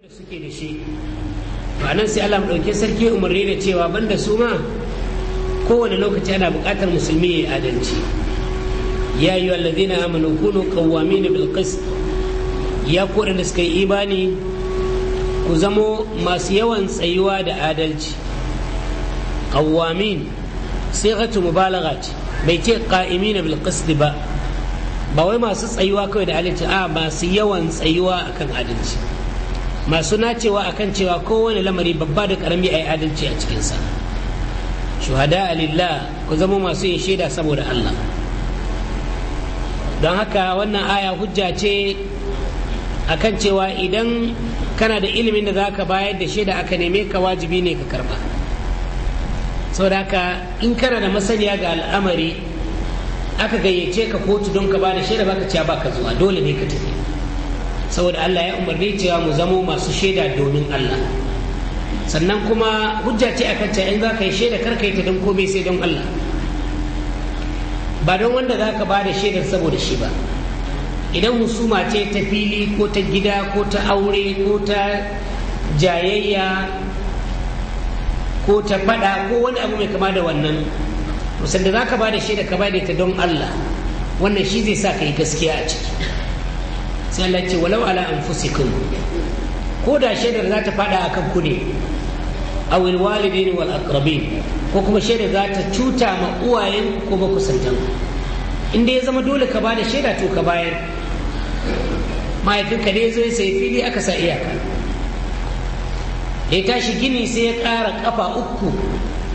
da suke da shi nan sai Allah ɗauke sarki umarni da cewa banda su ma kowane lokaci ana buƙatar musulmi ya adalci ya yi wallazina amanu kunu qawwamin bil ya ku da suka yi imani ku zamo masu yawan tsayuwa da adalci qawwamin sighatu mubalagha ce bai ce qa'imina bil ba ba wai masu tsayuwa kawai da adalci a masu yawan tsayuwa akan adalci masu nacewa kan cewa kowane lamari babba da karami a yi adalci a cikinsa shuhada alillah ku zama masu yin shaida saboda allah don haka wannan aya hujja ce a kan cewa idan kana da ilimin da za ka bayar da shaida aka neme ka wajibi ne ka karba sau haka in kana da masaniya ga al'amari aka gayyace ka kotu don ka ba da shaida baka ciya ka zuwa dole ne ka tafi saboda Allah ya umarni cewa mu zamo masu shaida domin Allah sannan kuma hujja ce akan ta in za ka yi shaida kar yi ta don komai sai don Allah ba don wanda za ka ba da shaidar saboda shi ba idan husuma ce ta fili ko ta gida ko ta aure ko ta jayayya ko ta fada ko wani abu mai kama da wannan musan da za ka ba da shaida ka ba da ita don Allah wannan shi zai sa ka yi gaskiya a ciki sai Allah ce walau ala anfusikum ko da shaidar za ta fada akan ku ne awil walidaini wal aqrabin ko kuma shaidar za ta cuta ma uwayen ko ba makusantan in dai ya zama dole ka bada shaida to ka bayan. mahaifinka ne zo ya sai fili aka sa iyaka ya tashi gini sai ya ƙara kafa uku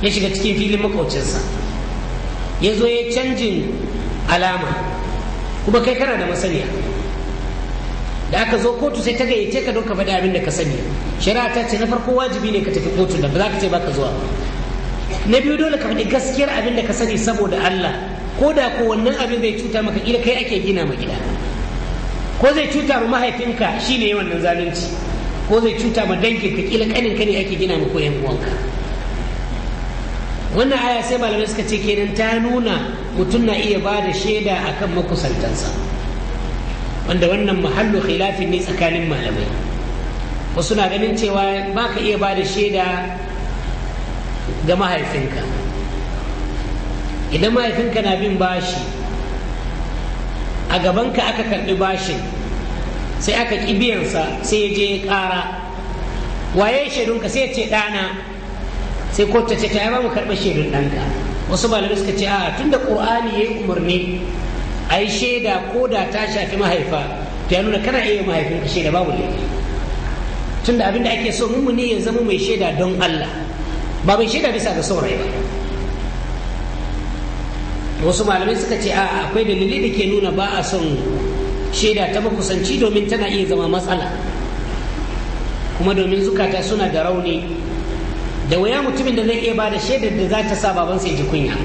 ya shiga cikin filin makaucinsa ya zo ya canjin alama kuma kai kana da masaniya da aka zo kotu sai ta gayyace ka don ka faɗi abin da ka sani shari'a ta ce na farko wajibi ne ka tafi kotu da ba za ka ce baka zuwa na biyu dole ka faɗi gaskiyar abin da ka sani saboda Allah ko da ko wannan abin zai cuta maka gida kai ake gina ma gida ko zai cuta ma mahaifinka shine yawan nan zalunci ko zai cuta ma danginka kila kanin ka ne ake gina ma koyan uwanka wannan aya sai malamai suka ce kenan ta nuna mutum na iya ba da shaida akan makusantansa wanda wannan mahallu khilafin ne tsakanin malamai wasu na ganin cewa ba ka iya ba da shaida ga mahaifinka idan mahaifinka na bin bashi a gabanka aka karɓi bashin sai aka ƙi biyansa sai ya je ya ƙara waye shaidunka sai ya ce ɗana sai ko ta ce ta ba mu karɓar shaidun ɗanka wasu malamai suka ce a tunda da ƙur'ani ya yi umarni ai shaida ko da ta shafi mahaifa ta nuna kana iya ka shaida babu laifi tunda abinda ake so ne ya zama mai shaida don Allah ba mai shaida bisa ga saurayi ba wasu malamai suka ce a akwai dalili da ke nuna ba a son shaida ta makusanci domin tana iya zama matsala kuma domin zukata suna da rauni da wuya mutumin da zai iya ba da shaidar da za ta sa babansa ya ji kunya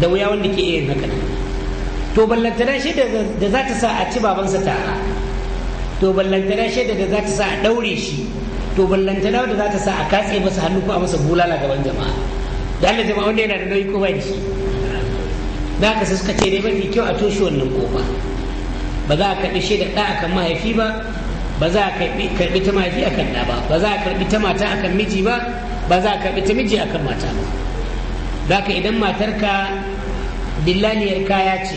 da wuya wanda ke iya yin haka to ballantana shaida da za ta sa a ci babansa tara to ballantana shaida da za ta sa a ɗaure shi to ballantana da za ta sa a katse masa hannu ko a masa bulala gaban jama'a da Allah jama'a wanda yana da nauyi ko ba shi da haka suka ce dai mafi kyau a toshe wannan kofa ba za a karɓi shaida ɗa akan mahaifi ba ba za a karɓi ta mahaifi akan ɗa ba ba za a karɓi ta mata akan miji ba ba za a karɓi ta miji akan mata ba da ka idan matarka dillaniyar kaya ce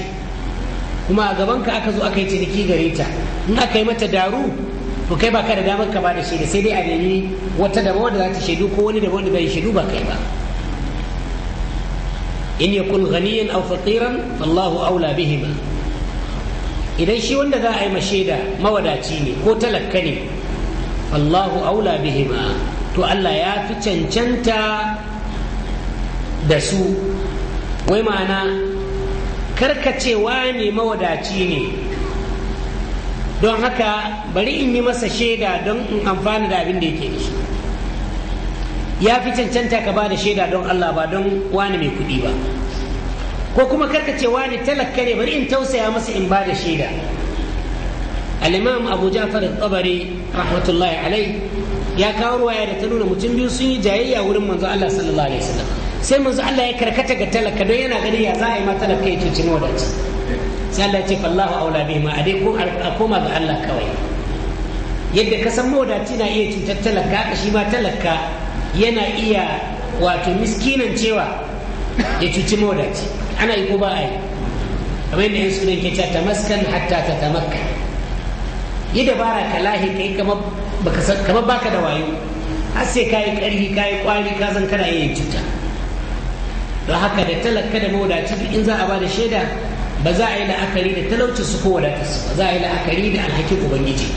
kuma a gabanka aka zo aka yi ciniki gare ta in aka yi mata daru to kai baka da damar ka ba da shaida sai dai a nemi wata dama wanda za ta shaidu ko wani dama wanda bai shaidu ba kai ba in yakun ghaniyan aw faqiran fallahu aula ba. idan shi wanda za a yi mashaida mawadaci ne ko talakka ne fallahu aula bihima to Allah ya fi cancanta da su wai ma'ana karkacewa ne mawadaci ne don haka bari in yi masa shaida don in amfana da abin da yake da shi ya fi cancanta ka ba da shaida don Allah ba don wani mai kuɗi ba ko kuma karkacewa ne talaka ne bari in tausaya masa in ba da shaida al-imam abu ja'far al rahmatullahi alai ya kawo ruwaya da ta nuna mutum biyu sun yi jayayya wurin manzo Allah sallallahu alaihi wasallam sai manzo Allah ya karkata ga talaka don yana gani ya za a yi ma talaka ya cuci wadaci sai Allah ya ce fallahu aula bihi ma a dai koma ga Allah kawai yadda ka san mawadaci na iya cutar talaka haka shi ma talaka yana iya wato miskinan cewa ya cuci mawadaci ana yi ko ba a yi kamar yadda yan sunan ke ta tamaskan hatta ta tamakka yi dabara ka lahi kai kamar baka da wayo har sai ka yi ƙarfi ka yi ƙwari ka zan kana iya cuta don haka da talaka da mawadaci duk in za a ba da shaida ba za a yi la'akari da talauci su ko wadatar su ba za a yi la'akari da alhakin ubangiji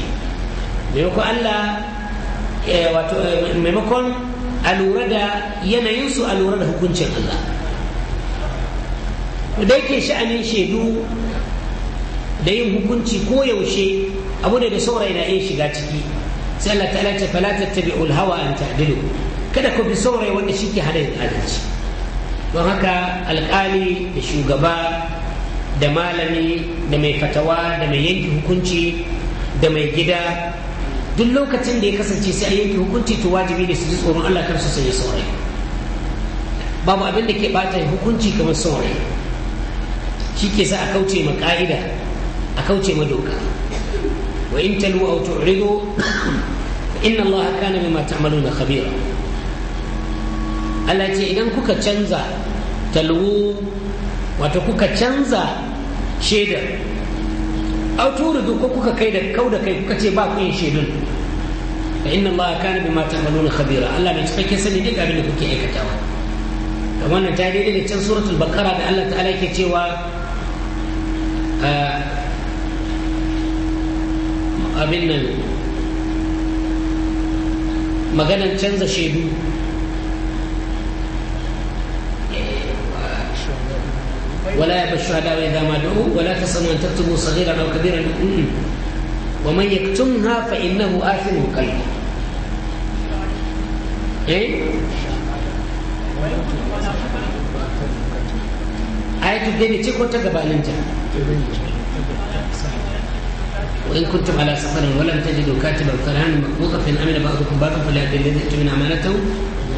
maimakon allah eh, wato eh, maimakon a lura da yanayinsu a lura da hukuncin allah da yake sha'anin shaidu da yin hukunci ko yaushe abu da da saurayi na iya shiga ciki sai allah ta ce fala tattabi'ul hawa an ta'dilu kada ku bi saurayi wanda shi ke hada yin adalci don haka alkali da shugaba da malami da mai fatawa da mai yanke hukunci da mai gida duk lokacin da ya kasance sai a yanke hukunci to wajibi ne su ji tsoron allah kar su sanya saurayi babu abin da ke bata hukunci kamar saurayi shi ke sa a kauce ma ka'ida a kauce ma doka wa in talu aw tu'ridu inna allaha kana bima ta'maluna khabira Allah ce idan kuka canza talwu wato kuka canza shaidar auturu ko kuka kai da kau da kai kuka ce ba ku yin shaidun da inna Allah kana bima ta'maluna khabira Allah bai cikakken sani duk abin da kuke aikatawa da wannan ta daidai da can suratul bakara da Allah ta'ala yake cewa ah, abin nan maganan canza shaidu ولا يأبى الشهداء إذا ما دعوا ولا تسأموا أن تكتبوا صغيرا أو كبيرا ومن يكتمها فإنه آثم قلبه إيه؟ آية الدين تكون تقبع لنتا وإن كنتم على سفر ولم تجدوا كاتبا كرهانا مكبوطا فإن أمن بعضكم بعضا فليأتي الذي يؤتي من أمانته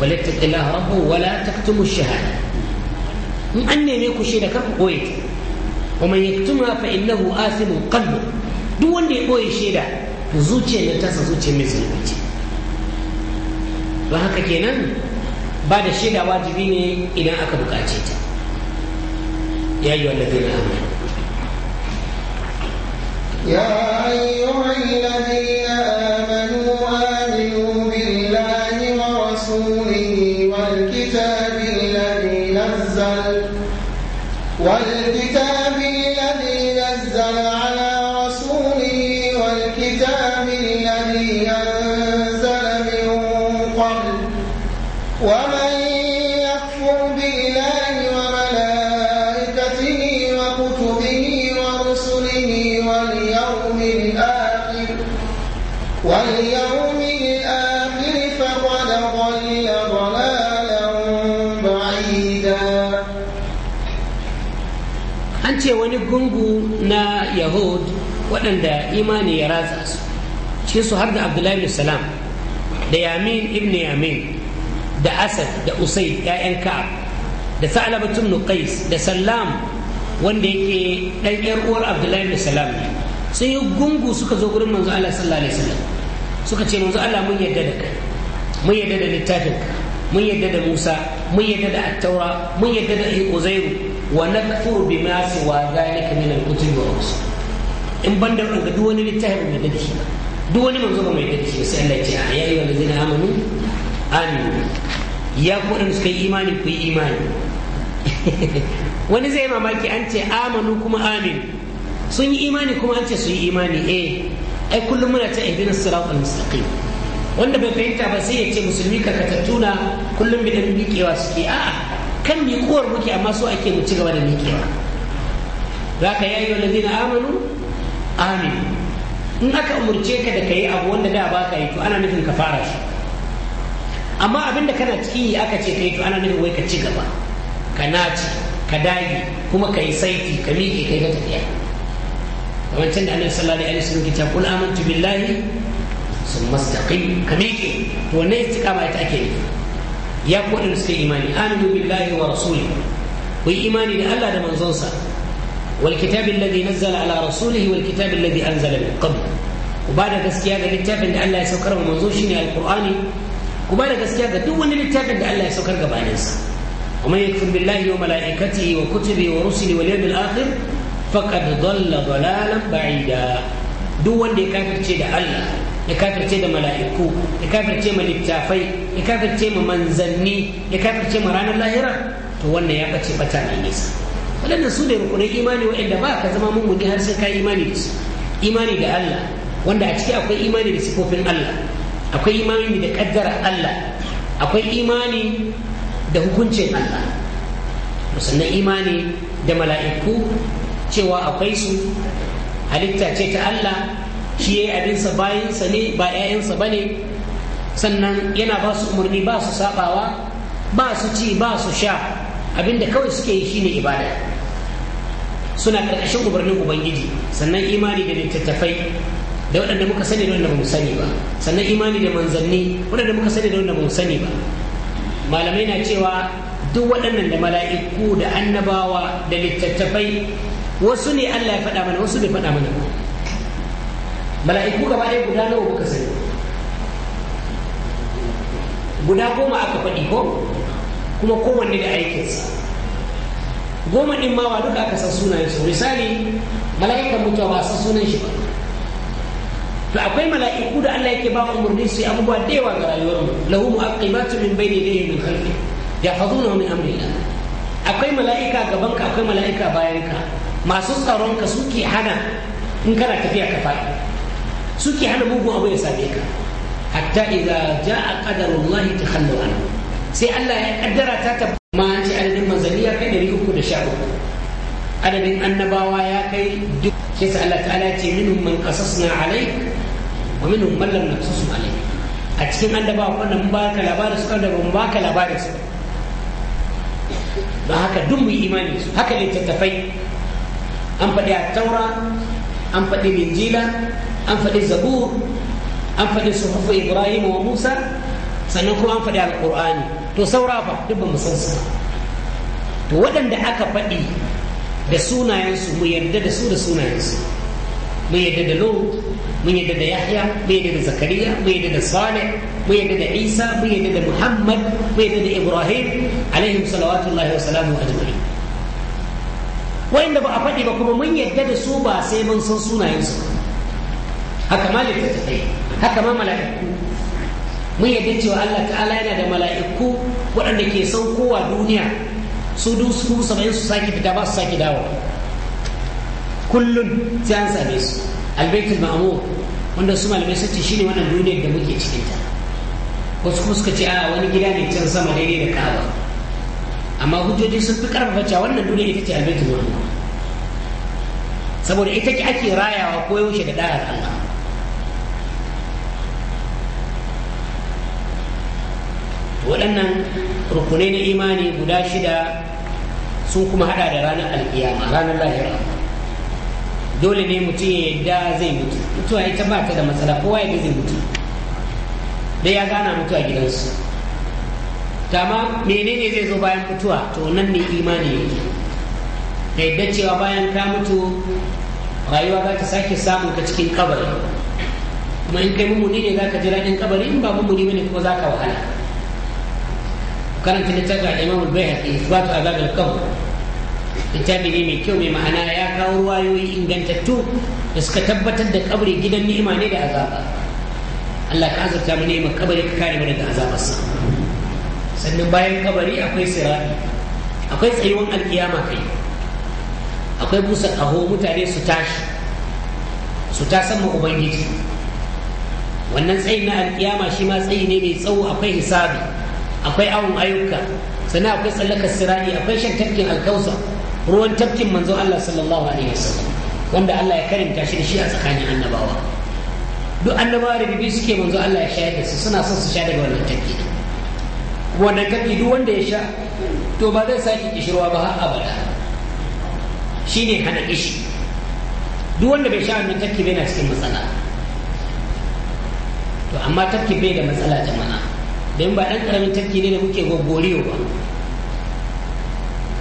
وليتق الله ربه ولا تكتموا الشهادة in an neme ku shaida kar ku koye ta wa man yaktuma fa innahu athimun qalbu duk wanda ya koye shaida to ne ta tasa zuciya mai zunubi ce don haka kenan ba da shaida wajibi ne idan aka bukace ta ya yi wanda zai na يا أيها الذين آمنوا yahud waɗanda imani ya ratsa su cikin su har da abdullahi ibn salam da yamin ibn yamin da asad da usai ya'yan ka'ab da sa'alabatun nuqais da sallam wanda yake ɗan yar uwar abdullahi ibn salam sun yi gungu suka zo gurin manzo Allah sallallahu alaihi wasallam suka ce manzo Allah mun yarda da kai mun yarda da littafin mun yarda da Musa mun yarda da Attaura mun yarda da Uzairu wa بما سوى ذلك من min al ان wa ان in ban لتهب من duk wani littafin mai da shi ba duk wani manzo ba mai da shi sai Allah ya ce ya yi yi imani wani zai mamaki an ce amanu kuma amin sun yi imani kuma an ce su yi imani eh ai kullum muna ta sirat al-mustaqim wanda bai fahimta ba sai ya ce musulmi karkatattuna kullum bidan miƙewa suke a'a kan miƙuwar muke amma so ake mu ci gaba da miƙewa za ka yayi wa lazina amanu amin in aka umurce ka da ka yi abu wanda da ba ka yi to ana nufin ka fara shi amma abinda kana ciki aka ce ka yi to ana nufin wai ka ci gaba ka naci ka dage kuma ka yi saiti ka miƙe ka yi ta tafiya kamar can da annabi sallallahu alaihi wasallam sun cewa qul amantu billahi sun mastaqim ka miƙe to wannan kama ita ake nufi ya ku waɗanda suka imani aminu billahi wa rasuli ku yi imani da Allah da manzonsa wal kitabin ladhi nazzala ala rasulihi wal kitabin ladhi anzala min qabl ku ba da gaskiya ga littafin da Allah ya saukar wa manzo shine alqur'ani ku ba da gaskiya ga duk wani littafin da Allah ya saukar Billahi wa ومن wa بالله wa وكتبه ورسله واليوم الاخر فقد ضل ضلالا بعيدا duk wanda ya kafirce da Allah ya kafirce da mala'iku ya kafirce ma littafai ya kafirce mu manzanni ya kafirce mu ranar lahira to wannan ya bace bata mai nisa waɗannan su da rukunan imani waɗanda ba ka zama mummuni har sai ka imani da su imani da Allah wanda a ciki akwai imani da sifofin Allah akwai imani da kaddara Allah akwai imani da hukuncin Allah sannan imani da mala'iku cewa akwai su halitta ce ta Allah shi ya yi abinsa bayansa ne ba 'ya'yansa ba ne sannan yana ba su umarni ba su sabawa ba su ci ba su sha abinda kawai suke yi shine ibada suna karkashin umarnin ubangiji sannan imani da littattafai da waɗanda muka sani da wanda ba mu sani ba sannan imani da manzanni waɗanda muka sani da wanda ba mu sani ba malamai na cewa duk waɗannan da mala'iku da annabawa da littattafai wasu ne Allah ya faɗa mana wasu bai faɗa mana ba mala'iku gaba ɗaya guda nawa muka sani guda goma aka faɗi ko kuma kowanne da aikinsa goma ɗin ma ba duka aka san sunayen su misali mala'ikan mutuwa ba san sunan shi ba to akwai mala'iku da Allah yake ba umarni su yi abubuwa da yawa ga rayuwar mu lahu mu'aqibatu min bayni yadayhi min khalfi yahfazunahu min amrillah akwai mala'ika gaban ka akwai mala'ika bayan ka masu tsaron ka suke hana in kana tafiya ka faɗi suke hana mugun abu ya same ka hatta idza jaa qadarullahi takhallu anhu sai Allah ya kaddara ta tabbata ma an ci adadin manzanni da sha uku. adadin annabawa ya kai duk shi sa Allah ta'ala ce minhum man qasasna alayk wa minhum man lam naqsusum alayk a cikin annabawa wannan mun baka labarin su wanda mun baka labarin su don haka duk mu imani su haka littattafai an faɗi a taura an faɗi linjila an faɗi zabur an faɗi suhufu ibrahim wa musa sannan kuma an faɗi alƙur'ani to saura fa duk ba mu san su to waɗanda aka faɗi da sunayensu mu yarda da su da sunayensu mu yarda da lut mu yarda da yahya mu yarda da zakariya mu yarda da salih mu yarda da isa mu yarda da muhammad mu yarda da ibrahim alaihim salawatullahi wa salamu ajma'in wa'inda ba a faɗi ba kuma mun yarda da su ba sai mun san sunayensu haka ma littattafai haka ma mala'iku mun yadda cewa Allah ta'ala yana da mala'iku waɗanda ke saukowa duniya su dusu saba'in su sake fita ba su sake dawo kullum sai an same su albaitul ma'amu wanda su malamai sun ce shine wannan duniyar da muke cikin ta wasu kuma suka ce a wani gida ne can sama daidai da ka'aba amma hujjoji sun fi karfafa cewa wannan duniyar ita ce albaitul ma'amu saboda ita ake rayawa ko yaushe da da'ar Allah waɗannan rukunai na imani guda shida sun kuma hada da ranar alkiyama ranar lahira dole ne mutum ya yadda zai mutu mutuwa ita ba ta da matsala kowa ya zai mutu da ya gana mutuwa gidansu tama menene zai zo bayan mutuwa to nan ne imani yake da yadda cewa bayan ka mutu rayuwa za ta sake samun ka cikin kabari kuma in kai mummuni ne za ka jira daɗin kabari in ba mummuni ne kuma za ka wahala karanta littafin al'imam al-bayhaqi isbatu azab al-qabr littafi ne mai kyau mai ma'ana ya kawo ruwayoyi ingantattu da suka tabbatar da kabri gidan ni'ima ne da azaba Allah ka azurta mu ni'imar kabari ka kare mu daga azabarsa sannan bayan kabari akwai sirari akwai tsayuwan alkiyama kai akwai busa ƙaho mutane su tashi su tasan ma ubangiji wannan tsayin na alkiyama shi ma tsayi ne mai tsawo akwai hisabi akwai awon ayyuka sannan akwai tsallakar sirari akwai shan tafkin alkausa ruwan tafkin manzon Allah sallallahu alaihi wasallam wanda Allah ya karanta shi da shi a tsakanin annabawa duk annabawa da bibi suke manzo Allah ya shayar da su suna son su sha daga wannan tafki wannan tafki duk wanda ya sha to ba zai sake kishirwa ba har abada shi ne hana kishi duk wanda bai sha wannan tafki bai na cikin matsala to amma tafki bai da matsala jama'a don ba ɗan ƙaramin tafki ne da muke gogoriyo ba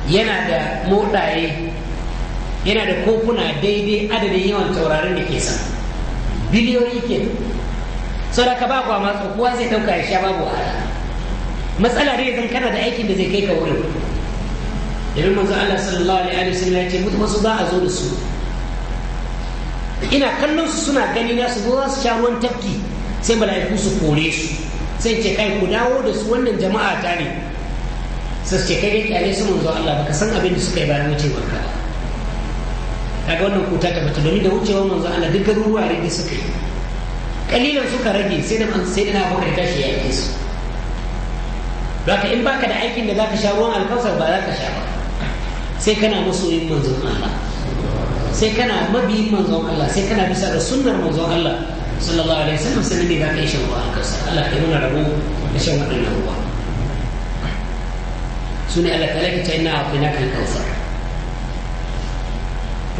yana da moɗaye yana da kofuna daidai adadin yawan taurarin da ke san biliyoyi ke sau da ka ba kwa matsa kowa zai ɗauka ya sha babu wahala matsala dai zan kana da aikin da zai kai ka wurin domin manzo Allah sallallahu alaihi wa sallam ya ce mutum wasu za a zo da su ina kallon su suna gani na su zo za su sha ruwan tafki sai mala'iku su kore su sai ce kai ku dawo da su wannan jama'a ta ne sai ce kai dai kyale su zo Allah baka san abin da suka yi bayan wucewar ka kaga wannan kuta ta bata domin da wucewar zo Allah duk garuruwa da suka yi kalilan suka rage sai da sai da na bakar tashi ya yi su baka in baka da aikin da zaka sha ruwan alkausar ba zaka sha ba sai kana masoyin manzon Allah sai kana mabiyin manzon Allah sai kana bisa da sunnar manzon Allah sallallahu alaihi wasallam sun ne za ka yi shan ruwa a kansa Allah ya nuna rabu da shan waɗannan ruwa su ne Allah ta'ala ta ina akwai na kan kausar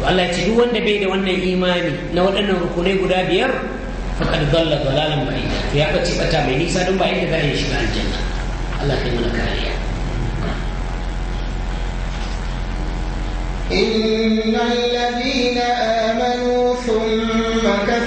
to Allah ya ce duk wanda bai da wannan imani na waɗannan rukunai guda biyar faqad dhalla dhalalan ba'ida to ya bace bata mai nisa don ba inda za a yi shiga aljanna Allah ya nuna mana kariya إن الذين آمنوا ثم كفروا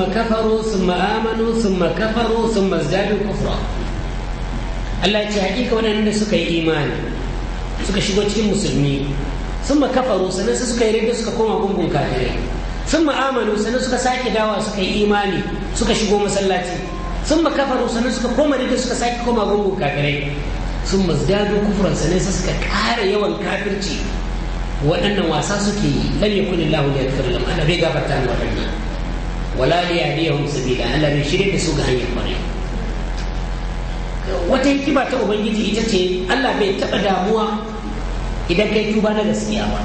ثم كفروا ثم آمنوا ثم كفروا ثم ازدادوا كفرا Allah ya ce hakika waɗanda suka yi imani suka shigo cikin musulmi sun kafaru sannan su suka yi rage suka koma gungun kafirai sun ma'amalu sannan suka sake dawa suka yi imani suka shigo masallaci sun kafaru sannan suka koma rage suka sake koma gungun kafirai sun mazdadu kufuran sannan su suka ƙara yawan kafirci waɗannan wasa suke yi lam yakun illahu liyadfir lahum Allah bai gafarta ni waɗannan wala li yahdiyahum sabila Allah bai da su ga hanyar kwarai wata hikima ta ubangiji ita ce Allah bai taɓa damuwa idan kai tuba na gaskiya ba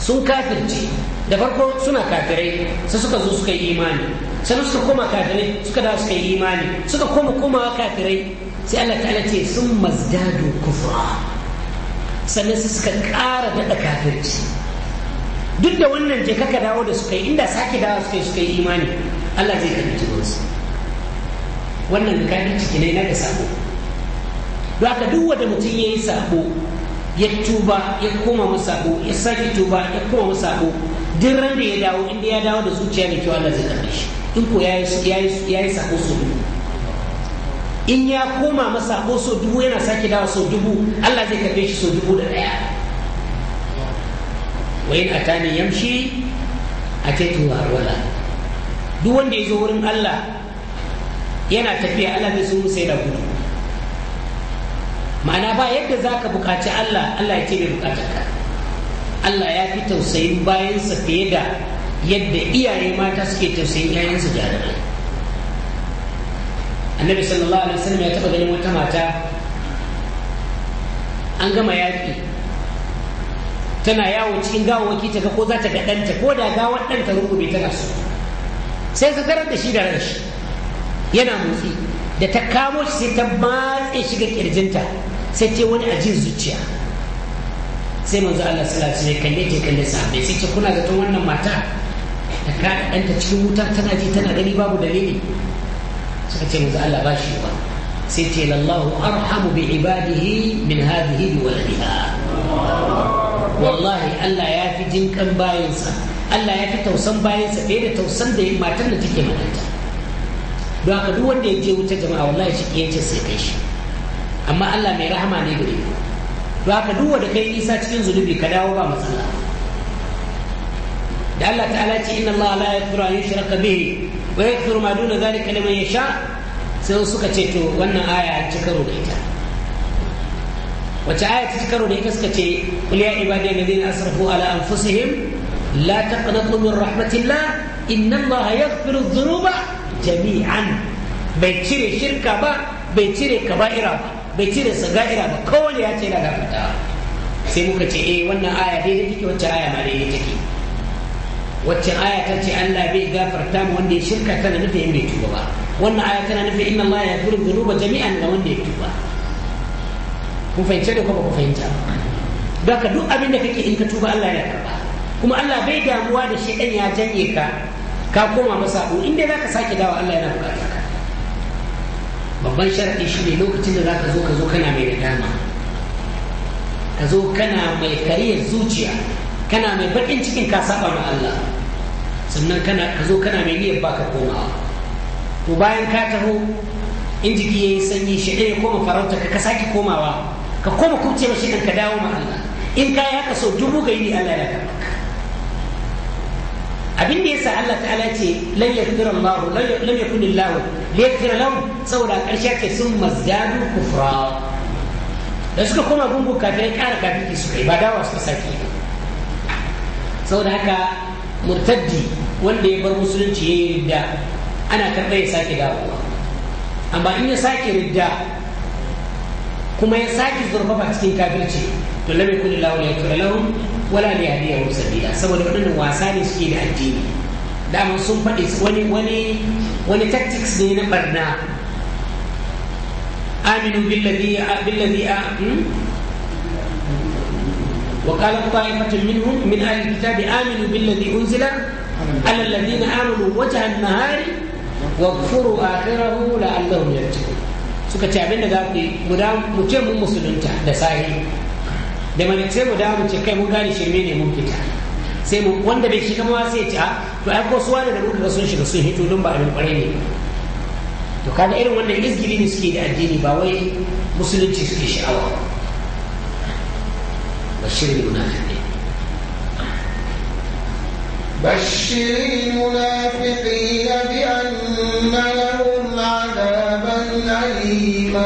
sun kafirce da farko suna kafirai sai suka zo suka yi imani sannan suka koma kafirai suka dawo suka yi imani suka koma komawa kafirai sai Allah ta'ala ce sun mazdadu kufra sannan su suka ƙara daɗa kafirci duk da wannan je kaka dawo da suka yi inda sake dawo suka yi suka yi imani Allah zai ji tubansu wannan yi ciki ne na ga sabo don haka duk wanda mutum ya yi sabo ya tuba ya koma masabo ya sake tuba ya koma masabo duk ran da ya dawo inda ya dawo da zuciya da kyau Allah zai karbe shi in ko ya yi sako so dubu in ya koma masa so dubu yana sake dawo so dubu Allah zai karbe shi so dubu da daya in atani yamshi ataitu harwala duk wanda ya zo wurin Allah yana tafiya Allah zai so sai da gudu ma'ana ba yadda za ka buƙaci Allah Allah ya ce bai buƙatar ka Allah ya fi tausayin bayansa fiye da yadda iyaye mata suke tausayin yayansu jarirai annabi sallallahu alaihi wasallam ya taɓa ganin wata mata an gama yaƙi tana yawo cikin gawawaki ta ga ko za ta ga ɗanta ko da gawar ɗanta rukube tana so sai ta da shi da ranshi yana motsi da ta kamo shi sai ta matse shi ga kirjinta sai ce wani ajin zuciya sai manzo Allah sallallahu alaihi wasallam kalle ta kalle sahabbai sai ce kuna zaton wannan mata ta kada ɗanta cikin wuta tana ji tana gani babu dalili suka ce manzo Allah ba shi ba sai ce lallahu arhamu bi ibadihi min hadhihi wa wallahi Allah ya fi kan bayansa Allah ya fi tausan bayansa fiye da tausan da ya matar da take malanta don haka duk wanda ya je wuta jama'a wallahi shi ke sai kai shi amma Allah mai rahama ne gare ku don haka duk wanda kai nisa cikin zunubi ka dawo ba matsala da Allah ta'ala ce inna Allah la yaghfiru an yushraka bihi wa yaghfiru ma duna zalika liman yasha sai suka ce to wannan aya an cika karo ita wace aya ta karo da ita suka ce qul ya ibadi alladhina asrafu ala an anfusihim la taqnatu min rahmatillah inna allaha yaghfiru dhunuba jami'an bai cire shirka ba bai cire kaba'ira ba bai cire sagaira ba kowane ya ce na gafarta sai muka ce eh wannan aya daidai take wacce aya ma daidai take wacce aya ta ce Allah bai gafarta mu wanda ya shirka tana nufin bai tuba ba wannan aya tana nufin inna Allah ya yaghfiru dhunuba jami'an da wanda ya tuba ku fahimce da kuma ku fahimta don ka duk abin da kake in ka tuba Allah ya karba kuma Allah bai damuwa da shi ya janye ka ka koma masa ko in dai zaka sake dawa Allah yana bukatar ka babban sharadi shi ne lokacin da zaka zo ka zo kana mai nadama ka zo kana mai kariyar zuciya kana mai bakin cikin ka saba ma Allah sannan kana ka zo kana mai niyyar baka komawa to bayan ka taho in jiki yayi sanyi shi ɗaya koma farauta ka sake komawa ka koma kuce mashi kan ka dawo ma Allah in ka yi haka so dubu gairi Allah ya karɓa abin da yasa Allah ta'ala ce lam yakfir Allah ya yakun Allah yakfir lahum saboda karshe ce sun mazdadu kufra da suka koma gungun kafirai ƙara kafiri suka yi ba dawa suka sake ba saboda haka murtaddi wanda ya bar musulunci ya yi ridda ana karɓar ya sake dawowa amma in ya sake ridda kuma ya sake zurfafa cikin kafirci to lam yakun lahu yaghfir lahum wala liyahdihum sabila saboda wadannan wasa ne suke da addini dama sun faɗi wani wani wani tactics ne na barna aminu billadhi billadhi وقالت طائفة منهم من أهل الكتاب آمنوا بالذي أنزل على الذين آمنوا وجه النهار واغفروا آخره لعلهم يرجعون suka ce abinda za ku yi guda mu ce mun musulunta da sahi da mai sai mu dawo ce kai mun gane shirme ne mun fita sai mu wanda bai shiga kama sai ce to ai ko suwa da muka ga sun shiga sun hito don ba abin kwarai ne to kaga irin wannan izgiri ne suke da addini ba wai musulunci suke sha'awa ba shirin munafiki بشر المنافقين بأن لهم عذابا أليما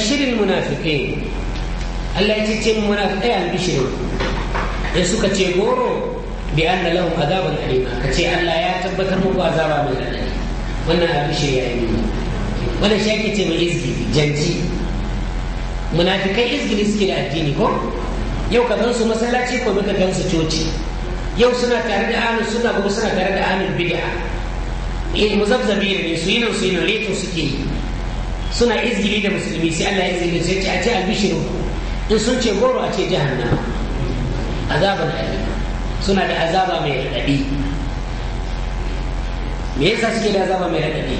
bashiril munafiqin Allah ya ce mu munafiqai an bishirin ya suka ce goro bi anna lahum azaban alima ka ce Allah ya tabbatar muku azaba mai radadi wannan a shi ya yi wannan shi yake ce mai izgi janji munafikai ne suke da addini ko yau ka gansu masallaci ko muka gansu coci yau suna tare da amin suna gobe suna tare da amin bid'a muzabzabi ne su yi nan su yi nan reto suke yi suna izgili da musulmi sai Allah ya izgili sai ce a ce albishiru in sun ce goro a ce jahannama azaba da ali suna da azaba mai raɗaɗi me yasa suke da azaba mai raɗaɗi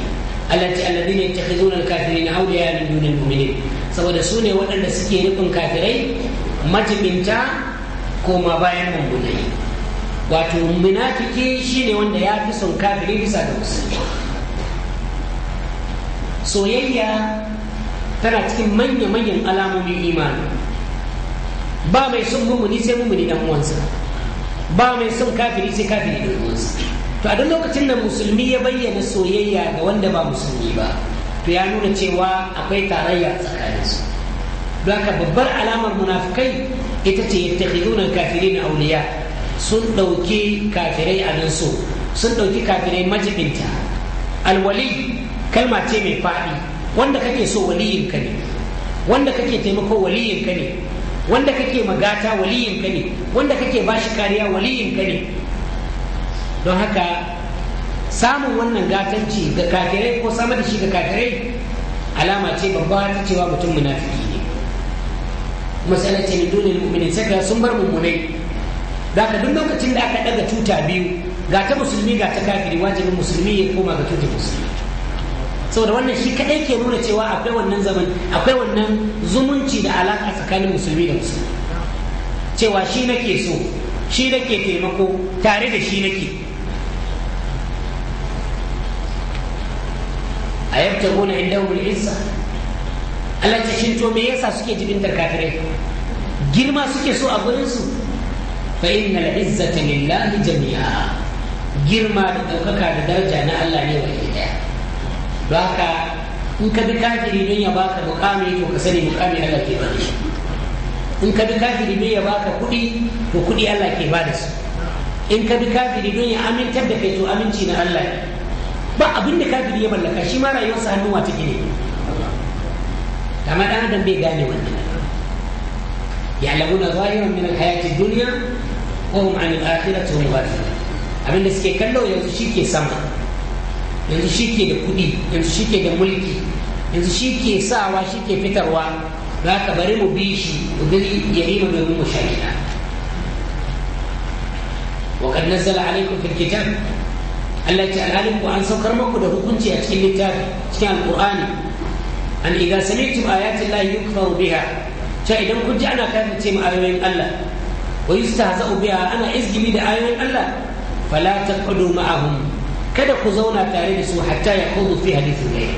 Allah ce alladhina yattakhizuna al-kafirina awliya min dunil mu'minin saboda su ne waɗanda suke nufin kafirai majibinta ma bayan mummunai wato munafiki shine wanda ya fi son kafiri bisa da musulmi soyayya tana cikin manya-manyan alamomin imani ba mai sun mumuni sai mumuni dan uwansa ba mai sun kafiri sai kafiri dan uwansa to a duk lokacin da musulmi ya bayyana soyayya ga wanda ba musulmi ba to ya nuna cewa akwai tarayya tsakaninsu don haka babbar alamar munafukai ita ce kafiri na auliya sun ɗauki kafirai a nan so sun ɗauki kafirai majibinta alwali kalma ce mai faɗi wanda kake so waliyinka ne wanda kake taimako waliyinka ne wanda kake magata waliyinka ne wanda kake ba shi kariya waliyinka ne don haka samun wannan gatanci ga kafirai ko samar da shi ga kafirai alama ce babba ta cewa mutum munafiki ne masana ce dole dunin saka sun bar mummunai da ka duk lokacin da aka daga tuta biyu ga ta musulmi ga ta kafiri wajibin musulmi ya koma ga tuta musulmi saboda wannan shi kadai ke nuna cewa akwai wannan zaman akwai wannan zumunci da alaƙa tsakanin musulmi da musulmi cewa shi nake so shi nake taimako tare da shi nake a yabtaguna gona al-izza Allah ta shinto me yasa suke jibintar kafirai girma suke so a gurin su fa innal izzata lillahi jami'a girma da daukaka da daraja na Allah ne wa daya don haka in ka bi kafiri don ya baka mukami to ka sani mukami Allah ke bada shi in ka bi kafiri don ya baka kuɗi to kuɗi Allah ke bada su in ka bi kafiri don ya amintar da kai to aminci na Allah ba abin da kafiri ya mallaka shi ma rayuwarsa hannuwa take ne kamar ɗan adam bai gane wannan يعلمون ظاهرا من الحياة الدنيا وهم عن الآخرة هم غافلون abin da suke kallo yanzu shi ke sama yanzu shi ke da kuɗi yanzu shi ke da mulki yanzu shi ke sawa shi ke fitarwa za ka bari mu bi shi udiri ya yi domin mu sha gida wa kan nazzala alaikum fil kitab Allah ce ku an saukar maku da hukunci a cikin littafi cikin alqur'ani an idza sami'tum ayati llahi yukfaru biha ta idan kun ji ana kafirce mu ayoyin Allah wa yustahza'u biha ana izgili da ayoyin Allah fala taqudu ma'ahum kada ku zauna tare da su hatta ya kodu fi hadithin gaya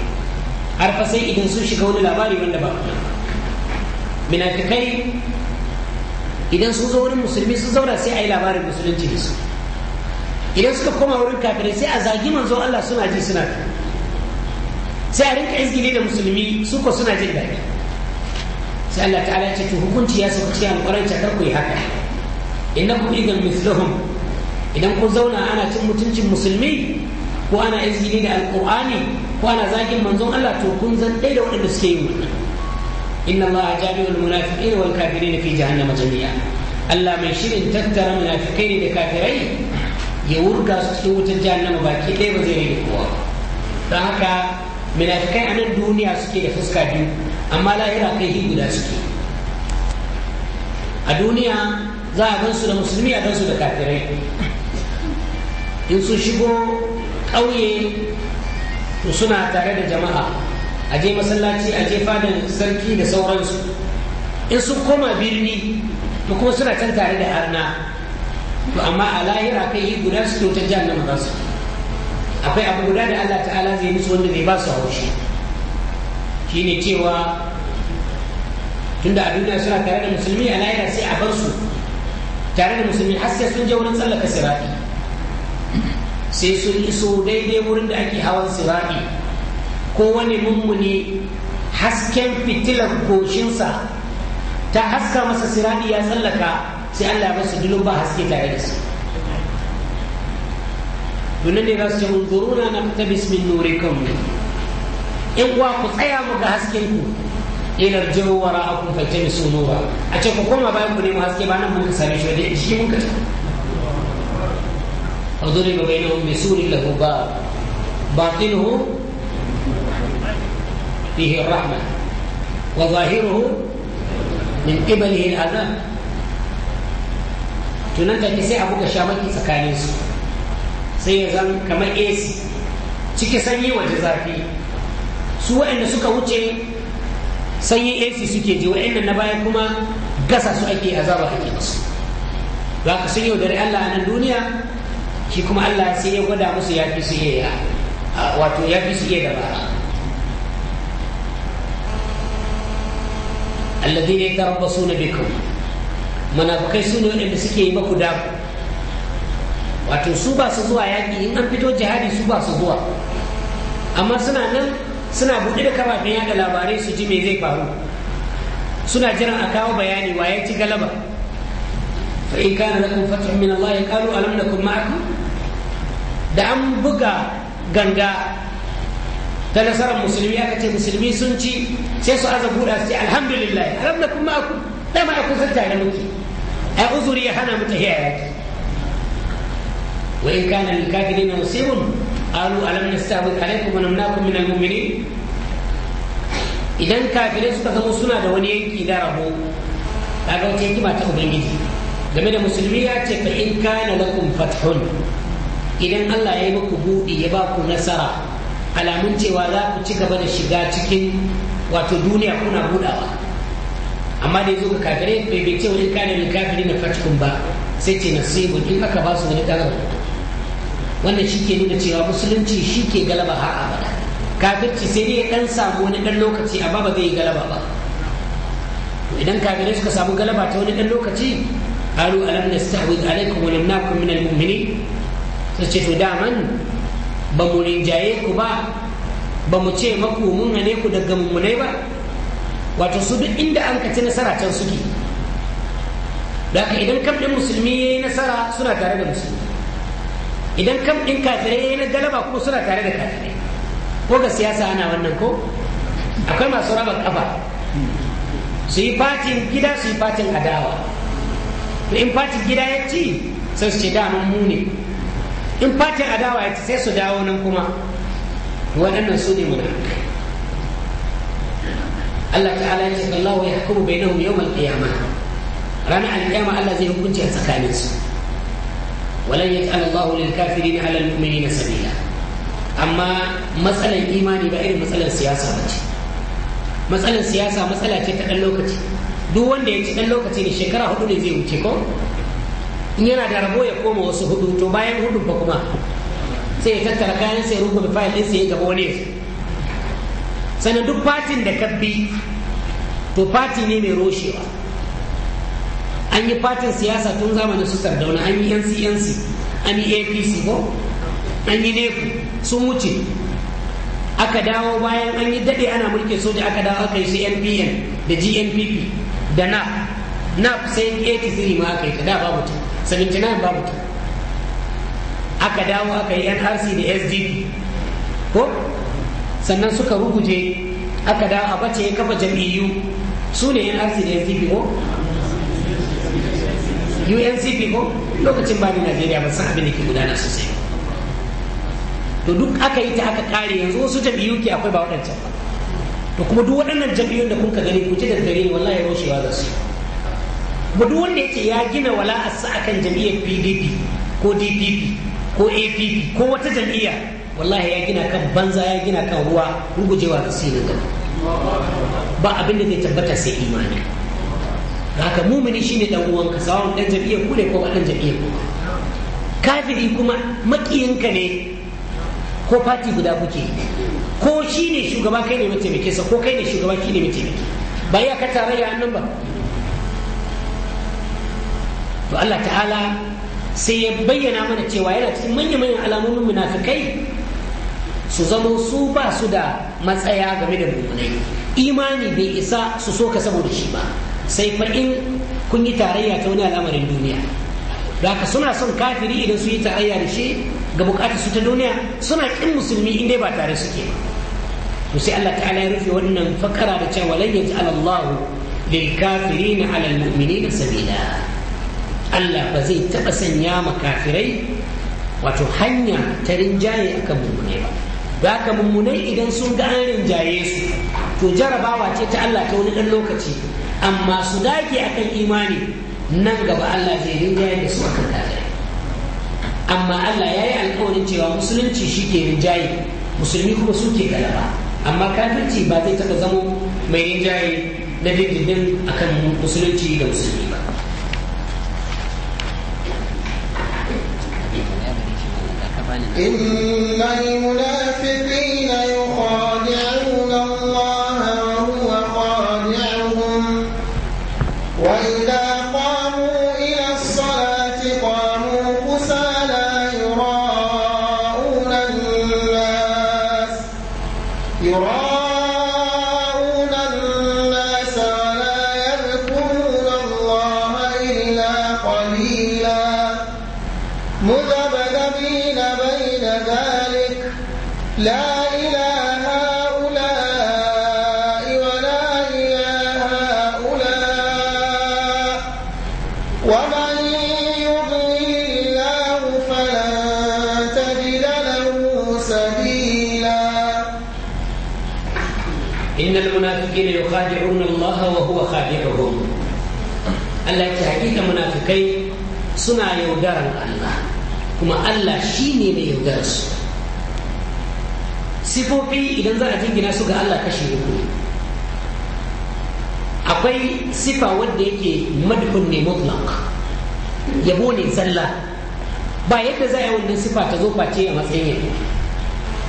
har fa sai idan sun shiga wani labari wanda ba ku munafikai idan sun zo wurin musulmi sun zauna sai a yi labarin musulunci da su idan suka koma wurin kafirai sai a zagi manzo Allah suna ji suna sai a rinka izgili da musulmi su ko suna jin daɗi sai Allah ta'ala ya ce to hukunci ya sauka cikin alƙur'an ta kar ku yi haka innakum idan mislahum idan kun zauna ana cin mutuncin musulmi ko ana izini da alkur'ani ko ana zagin manzon Allah to kun zan ɗaya da waɗanda suke yin wannan inna Allah jami'ul munafiqina wal kafirina fi jahannama jami'a Allah mai shirin tattara munafikai ne da kafirai ya wurga su cikin wutar jahannama baki ɗaya ba zai rage kowa don haka munafikai a nan duniya suke da fuska biyu amma lahira kai hi guda suke a duniya za a gansu da musulmi a gansu da kafirai in sun shigo ƙauye to suna tare da jama'a a je masallaci a je fadin sarki da sauransu in sun koma birni to kuma suna can tare da arna to amma a lahira kai yi guda su kyautar jihar za su akwai abu guda da Allah ta'ala zai musu wanda bai ba su haushi shine cewa tunda a duniya suna tare da musulmi a lahira sai a bar su tare da musulmi har sai sun je wurin tsallaka sirafi sai sun iso daidai wurin da ake hawan sirati ko wani mummuni hasken fitilar goshinsa ta haska masa sirati ya tsallaka sai Allah ya basu dulun ba haske tare da su dunan ne za su ce mun zuruna na fita bismin nurikan mu in kuwa ku tsaya mu ga hasken ku ilar jiho wara akun fata misu nura a ce ku koma bayan ku nemo haske ba nan mun same shi wajen shi mun ka وضرب بينهم بسور له باب باطنه فيه الرحمة وظاهره من قبله العذاب tunanta sai abu ga shamaki tsakanin su sai ya zan kamar AC ciki sanyi waje zafi su waɗanda suka wuce sanyi AC suke ji waɗanda na baya kuma gasa su ake azaba ake musu za ka sun yau dare Allah a nan duniya shi kuma Allah sai ya gwada musu ya fi su iya wato ya fi su iya dabara alladhina yatarabbasuna Mana munafikai su ne waɗanda suke yi maku daku wato su ba su zuwa yaƙi in an fito jihadi su ba su zuwa amma suna nan suna buɗe da kafafen yada labarai su ji me zai faru suna jiran a kawo bayani wa ya ci galaba fa in kana lakum fathun min Allah ya qalu alam nakum ma'akum da an buga ganga ta nasarar musulmi aka ce musulmi sun ci sai su aza buɗa su ce alhamdulillah alam na kuma aku dama aku san tare muke ai uzuri ya hana mu tafiya yaki wa in kana lil kafirin musibun qalu alam nastabid alaykum wa namnakum min al mu'minin idan kafirai suka zama suna da wani yanki na rabo kaga wata hikima ta ubangiji game da musulmi ya ce fa in kana lakum fathun idan Allah ya yi muku buɗi ya ba ku nasara alamun cewa za ku ci gaba da shiga cikin wato duniya kuna buɗawa amma da zo ka kafirai bai bai ce wani kare mai kafiri na fatikun ba sai ce nasibu in aka ba su wani ƙarar Wannan shi ke nuna cewa musulunci shi ke galaba har abada kafirci sai dai ya ɗan samu wani ɗan lokaci amma ba zai yi galaba ba idan kafirai suka samu galaba ta wani ɗan lokaci قالوا ألم نستحوذ عليكم ونمنعكم من المؤمنين sai ce to daman ba mu rinjaye ku ba ba mu ce maku mun hane ku daga mummunai ba wato su duk inda an ka ci nasara can suke da haka idan kam musulmi ya yi nasara suna tare da musulmi idan kam kafirai ya yi na galaba kuma suna tare da kafirai ko ga siyasa ana wannan ko akwai masu raba kafa su yi fatin gida su yi fatin adawa in fatin gida ya ci sai su ce daman mu ne in fatin adawa ya sai su dawo nan kuma waɗannan su ne munafikai Allah ta'ala ya ce Allah ya hukumu bainahum yawmal qiyamah ranar alƙiyama Allah zai hukunci a tsakanin su walan yaj'al Allah lil kafirin 'ala al na sabila amma matsalar imani ba irin matsalar siyasa ba ce matsalar siyasa matsala ce ta ɗan lokaci duk wanda ya ci ɗan lokaci ne shekara hudu ne zai wuce ko in yana da rabo ya koma wasu hudu to bayan hudu ba kuma sai ya tattara kayan sai rubuta fayil ɗin sai ya gaba wani sannan duk fatin da ka bi to fati ne mai roshewa an yi fatin siyasa tun zamanin su sardauna an yi ncnc an yi apc ko an yi nefu sun wuce aka dawo bayan an yi daɗe ana mulkin soja aka dawo aka yi su npn da gnpp da nap nap sai 83 ma aka yi ta da babu ta 79 babu ta aka dawo aka yi nrc da sdp ko sannan suka ruguje aka dawo a bace ya kafa jam'iyyu su ne nrc da sdp ko uncp ko lokacin ba ni najeriya ba san abin da ke gudana sosai to duk aka yi ta aka kare yanzu wasu jam'iyyu ke akwai ba waɗancan ba to kuma duk waɗannan jam'iyyun da kuka gani kuce da gari wallahi yawan shi za su yi ba duk wanda yake ya gina wala'arsa akan jam'iyyar pdp ko dpp ko app ko wata jam'iyya wallahi ya gina kan banza ya gina kan ruwa rugujewa tasirin da ba abin da zai tabbata sai imani haka mumini shine dan uwanka sawon dan jam'iyyar ku ne ko dan jam'iyyar ku kafiri kuma makiyinka ne ko fati guda kuke ko shine shugaba kai ne mutumin sa ko kai ne shugaba ki ne ba ya ka tarayya annan ba to Allah ta'ala sai ya bayyana mana cewa yana cikin manya-manyan alamomin munafikai su zama su ba su da matsaya game da mummunai imani bai isa su so ka saboda shi ba sai fa in kun yi tarayya ta wani al'amarin duniya da suna son kafiri idan su yi tarayya da shi ga bukatar su ta duniya suna kin musulmi in dai ba tare suke ba to sai Allah ta'ala ya rufe wannan fakara da cewa lan yaj'al Allah lil kafirin 'ala al mu'minina sabila Allah ba zai taɓa sanya ma kafirai wato hanya ta rinjaye akan mummunai ba ka mummunai idan sun ga an rinjaye su to jarabawa ce ta Allah ta wani ɗan lokaci amma su dage kan imani nan gaba Allah zai rinjaye da su akan kafirai amma Allah ya yi alkawarin cewa musulunci shi ke rinjaye musulmi kuma su ke galaba amma kafirci ba zai taɓa zama mai rinjaye na dindindin kan musulunci da musulmi ba إن المنافقين يخادعون الله وهو خادعهم وإذا suna yaudarar Allah kuma Allah shi ne mai yaudarar su sifofi idan za a jingina su ga Allah kashe uku akwai sifa wadda yake madhun ne mutlak yabo ne zalla ba yadda za a yi wannan sifa ta zo face a matsayin yabo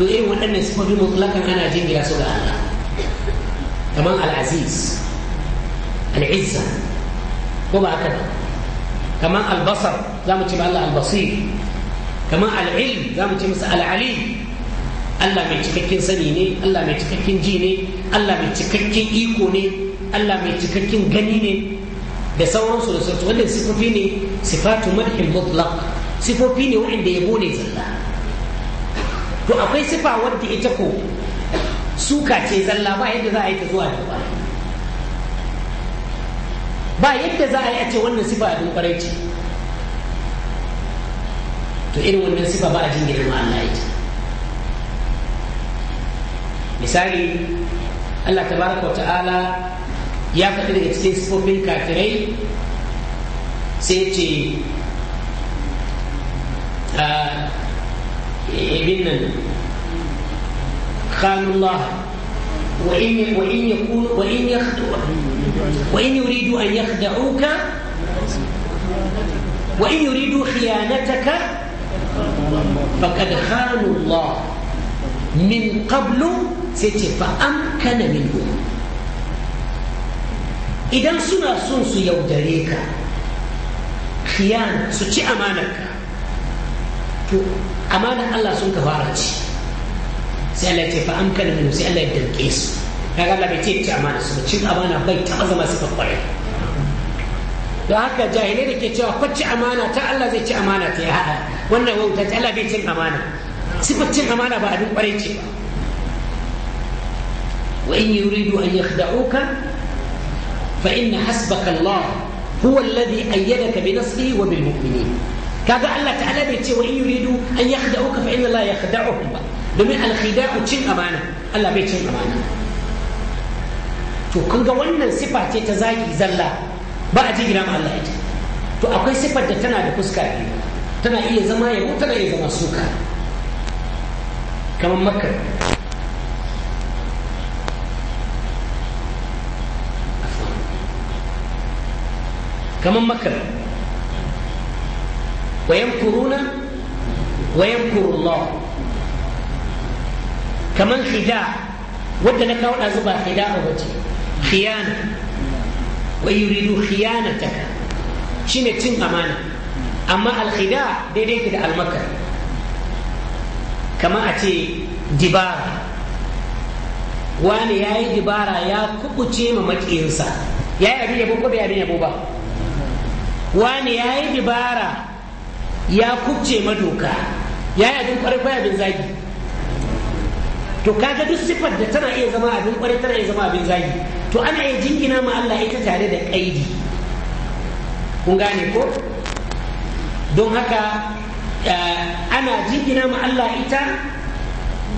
to irin waɗannan sifofi mutlakan ana jingina su ga Allah kamar al-aziz al ko ba haka ba kamar albasar za mu ce ma Allah albasir kamar al'ilm za mu ce masa al'alim Allah mai cikakken sani ne Allah mai cikakken ji ne Allah mai cikakken iko ne Allah mai cikakken gani ne da sauransu da sauransu wannan sifofi ne sifatu madhil mutlaq sifofi ne wanda ya ne zalla to akwai sifa wadda ita ko suka ce zalla ba yadda za a yi ta zuwa da ba yadda za a yi a ce wannan sifa abin kwarai ce to irin wannan sifa ba a jin girma Allah ita misali Allah tabaraka wa ta'ala ya faɗi daga cikin sifofin kafirai sai ce a ah, ibin nan khanullah wa in yakunu wa in وإن يريدوا أن يخدعوك وإن يريدوا خيانتك فقد خانوا الله من قبل سيتي فأمكن منهم إذا سنا سنس يودريك خيان ستي أمانك أمانة الله سنك فارج سألتي فأمكن منهم سألتي الكيس kaga Allah bai ce ci amana su cin amana bai ta azama su kwarai da haka jahilai da ke cewa kwacce amana ta Allah zai ci amana ta ya haɗa wannan wauta ta Allah bai cin amana sifar cin amana ba abin kwarai ce ba wa in yuridu an yakhda'uka fa inna hasbaka Allah huwa alladhi ayyadaka bi nasrihi wa bil mu'minin kaga Allah ta'ala bai ce wa in yuridu an yakhda'uka fa inna la yakhda'uhum ba domin al-khida'u cin amana Allah bai cin amana to kun ga wannan sifa ce ta zaki zalla ba a jingina ma Allah ita to akwai sifar da tana da fuska biyu tana iya zama yabo tana iya zama suka kamar makka kamar makka Kamar ويمكر الله na kawo ɗazu ba أزبا a waje. khiyana wa yuridu khiyanataka shine cin amana amma alkhida daidai ki da almakar kama a ce dibara wani ya yi dibara ya kubuce ma makiyinsa ya yi abin yabo ko bai abin yabo ba wani ya yi dibara ya kubce ma ya yi abin kwarai ko abin zagi to kaga duk siffar da tana iya zama abin kwarai tana iya zama abin zagi to ana iya jingina ma Allah ita tare da kaidi kun gane ko don haka eh, ana jingina ma Allah ita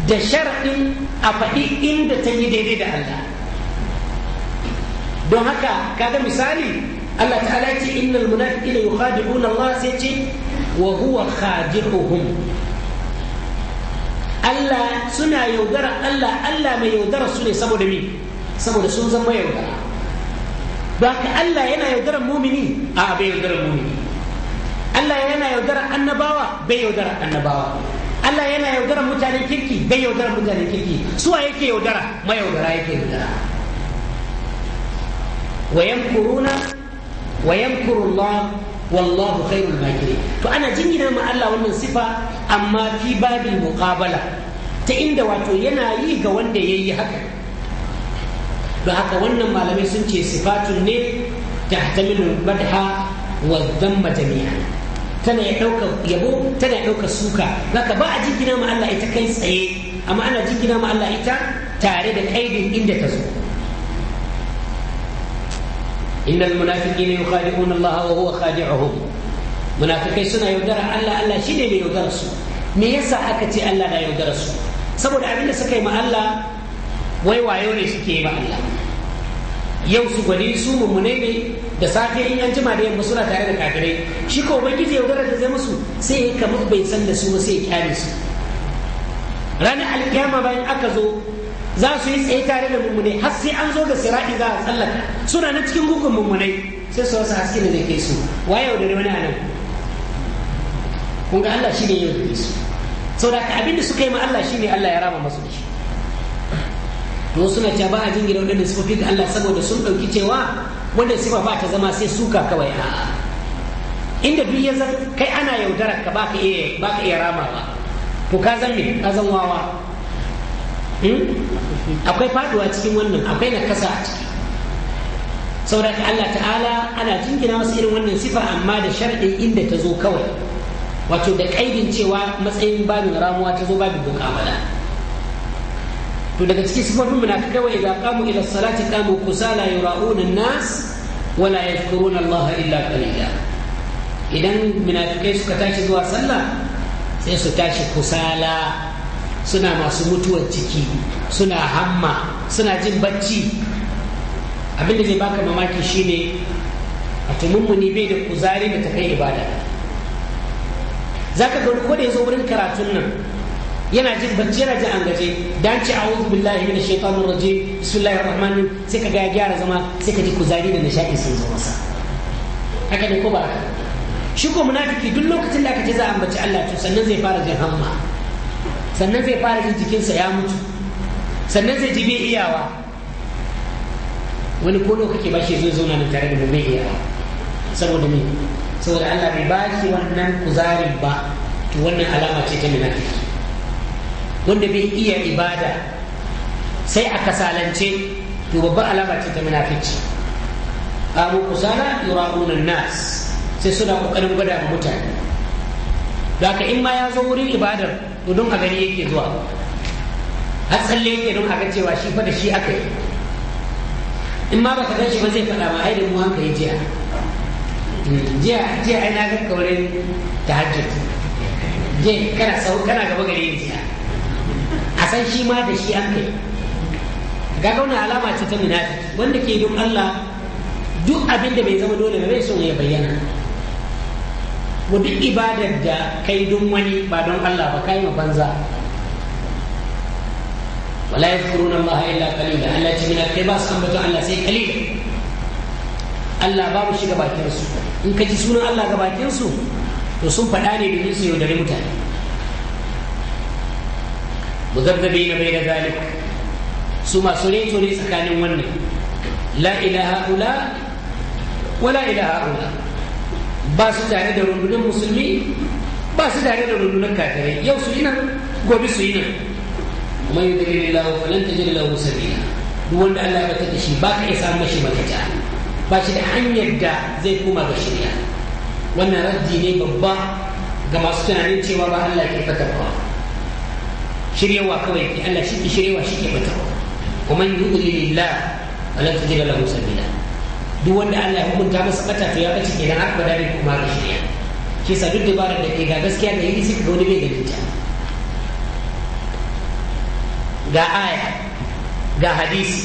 da sharaɗin a faɗi inda ta yi daidai da Allah don haka kaga misali Allah ta'ala ce innal munafiqina yukhadi'una Allah sai ce wa huwa khadi'uhum Allah suna yaudara Allah Allah mai yaudara su ne saboda mi saboda sun zama yaudara ba ka Allah yana yaudarar mumini a bai yaudarar mumini Allah yana yaudarar annabawa bai yaudarar annabawa Allah yana yaudarar mutanen kirki bai yaudarar mutanen kirki suwa yake yaudara mayaudara yake yaudara wa yamkuruna wa yamkurullah wallahu khairul makirin to ana jinyina ma Allah wannan sifa amma fi babil muqabala ta inda wato yana yi ga wanda ya yi haka don haka wannan malamai sun ce sifatun ne ta hatamilul madha wa dhamma jami'a tana ya ɗaukar yabo tana ya ɗaukar suka zaka ba a jingina ma Allah ita kai tsaye amma ana jingina ma Allah ita tare da kaidin inda ta zo innal munafiqina yukhadi'una Allah wa huwa khadi'uhum munafikai suna yaudara Allah Allah shine mai yaudara su me yasa aka ce Allah na yaudara su saboda abinda suka yi ma Allah wai wayo ne suke yi ba Allah yau su gwani su mummune ne da safe in an jima da yamma suna tare da kafirai shi ko ubangiji yaudara da zai musu sai ya kamar bai san da su sai ya kyale su ranar alkiyama bayan aka zo za su yi tsaye tare da mummune har sai an zo da sirati za a tsallaka suna na cikin gugun mummune sai su wasu haske da ke su wa yau da wani anan kun ga Allah shi ne yau da su saboda abin da suka yi ma Allah shi ne Allah ya rama masu da shi to suna ta ba a jingina waɗanda sifofi ga Allah saboda sun ɗauki cewa wannan sifa ba ta zama sai suka kawai a'a inda duk ya zan kai ana yaudara ka baka iya baka iya to ka zan me ka zan wawa hmm? akwai faduwa cikin wannan akwai nakasa a ciki saboda Allah ta'ala ana jingina wasu irin wannan sifa amma da sharɗin inda ta zo kawai wato da ƙaidin cewa matsayin babin ramuwa ta zo babin bukamala to daga cikin sifofin munafikai wa idza qamu ila salati qamu kusala yura'una an-nas wa la yadhkuruna Allah illa qalila idan munafikai suka tashi zuwa sallah sai su tashi kusala suna masu mutuwar ciki suna hamma suna jin bacci abinda zai baka mamaki shine a mummuni bai da kuzari da ta kai ibada za ka ko da ya wurin karatun nan yana jin bacci yana jin an gaje dan ci a'udhu billahi minash shaitanir rajim bismillahir rahmanir sai ka ga ya gyara zama sai ka ji kuzari da nishadi sun zo masa haka ne ko ba haka shi ko munafiki duk lokacin da aka ce za a ambaci Allah to sannan zai fara jin hamma sannan zai fara jin jikinsa ya mutu sannan zai ji bai iyawa wani ko kake ba shi zai zauna nan tare da bai iyawa saboda me saboda Allah bai ba shi wannan kuzarin ba to wannan alama ce ta munafiki wanda bai iya ibada sai a kasalance to babban alama ce ta munafici abu kusana yura'unan nas sai suna kokarin gwada ma mutane da haka in ma ya zo wurin ibadar to don a gani yake zuwa har tsalle yake don a cewa shi fa da shi aka yi in ma baka gan shi ba zai faɗa ma ai da mu hanka yi jiya hmm, jiya jiya ai na ga kaurin tahajjud je kana sau kana gaba gari ni jiya san shi ma da shi an kai ga wannan alama ce ta munafiki wanda ke don Allah duk abin da bai zama dole ba bai son ya bayyana wa duk ibadar da kai don wani ba don Allah ba kai ma banza wala yadhkuruna Allah illa qalila Allah ce mina kai ba su ambaton Allah sai qalila Allah babu mu shiga bakin su in ka ji sunan Allah ga bakin su to sun faɗa ne domin su yaudare mutane مذبذبين بين ذلك ثم سرين سرين سكان ون لا إلى هؤلاء ولا إلى هؤلاء باس تعالى رندنا المسلمين باس تعالى رندنا الكافرين يوسو هنا قوبسو هنا وما يدري الله فلن تجد له سبيلا دون أن لا بتدشي باك إسان مشي مكتا باش حن يبدا زي كوما بشريا وانا ردي ني ببا كما سنعين تشي وراء الله كيف تبقى shiryawa kawai yake Allah shi ke shiryawa shi ke bata kuma yi yudlil lillah wala tajid lahu sabila duk wanda Allah ya hukunta masa bata to ya bace kenan har bada ne kuma ga shirya ke sa duk dabarar da ke ga gaskiya da yi suka ga wani bai ganin ta ga aya ga hadisi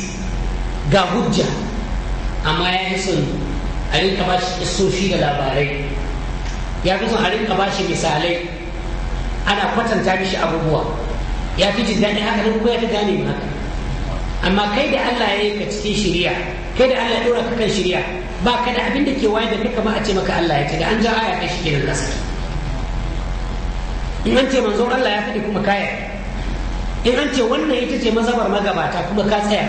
ga hujja amma ya yi son a rinka ba shi isoshi da labarai ya fi son a rinka ba shi misalai ana kwatanta mishi abubuwa ya fi jin daɗin haka nan ko ya fi gane mu haka amma kai da Allah ya yi ka cikin shiriya kai da Allah ya dora ka kan shiriya ba ka da abin da ke waye da kai ma a ce maka Allah ya ce da an ja aya kai shi kenan kasa in an ce manzon Allah ya faɗi kuma kaya in an ce wannan ita ce mazabar magabata kuma ka tsaya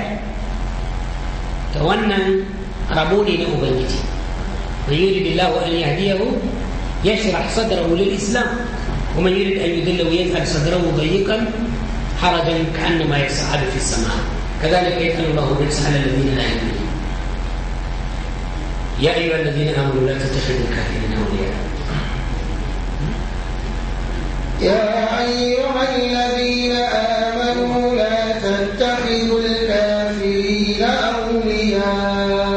ta wannan rabo ne na ubangiji wa yuridu Allahu an yahdiyahu yashrah sadrahu lil islam ومن يريد أن يدله ويجعل صدره ضيقا حرجا كانما يسحب في السماء كذلك يفعل الله الرجس على الذين لا يؤمنون يا ايها الذين امنوا لا تتخذوا الكافرين اولياء يا ايها الذين امنوا لا تتخذوا الكافرين اولياء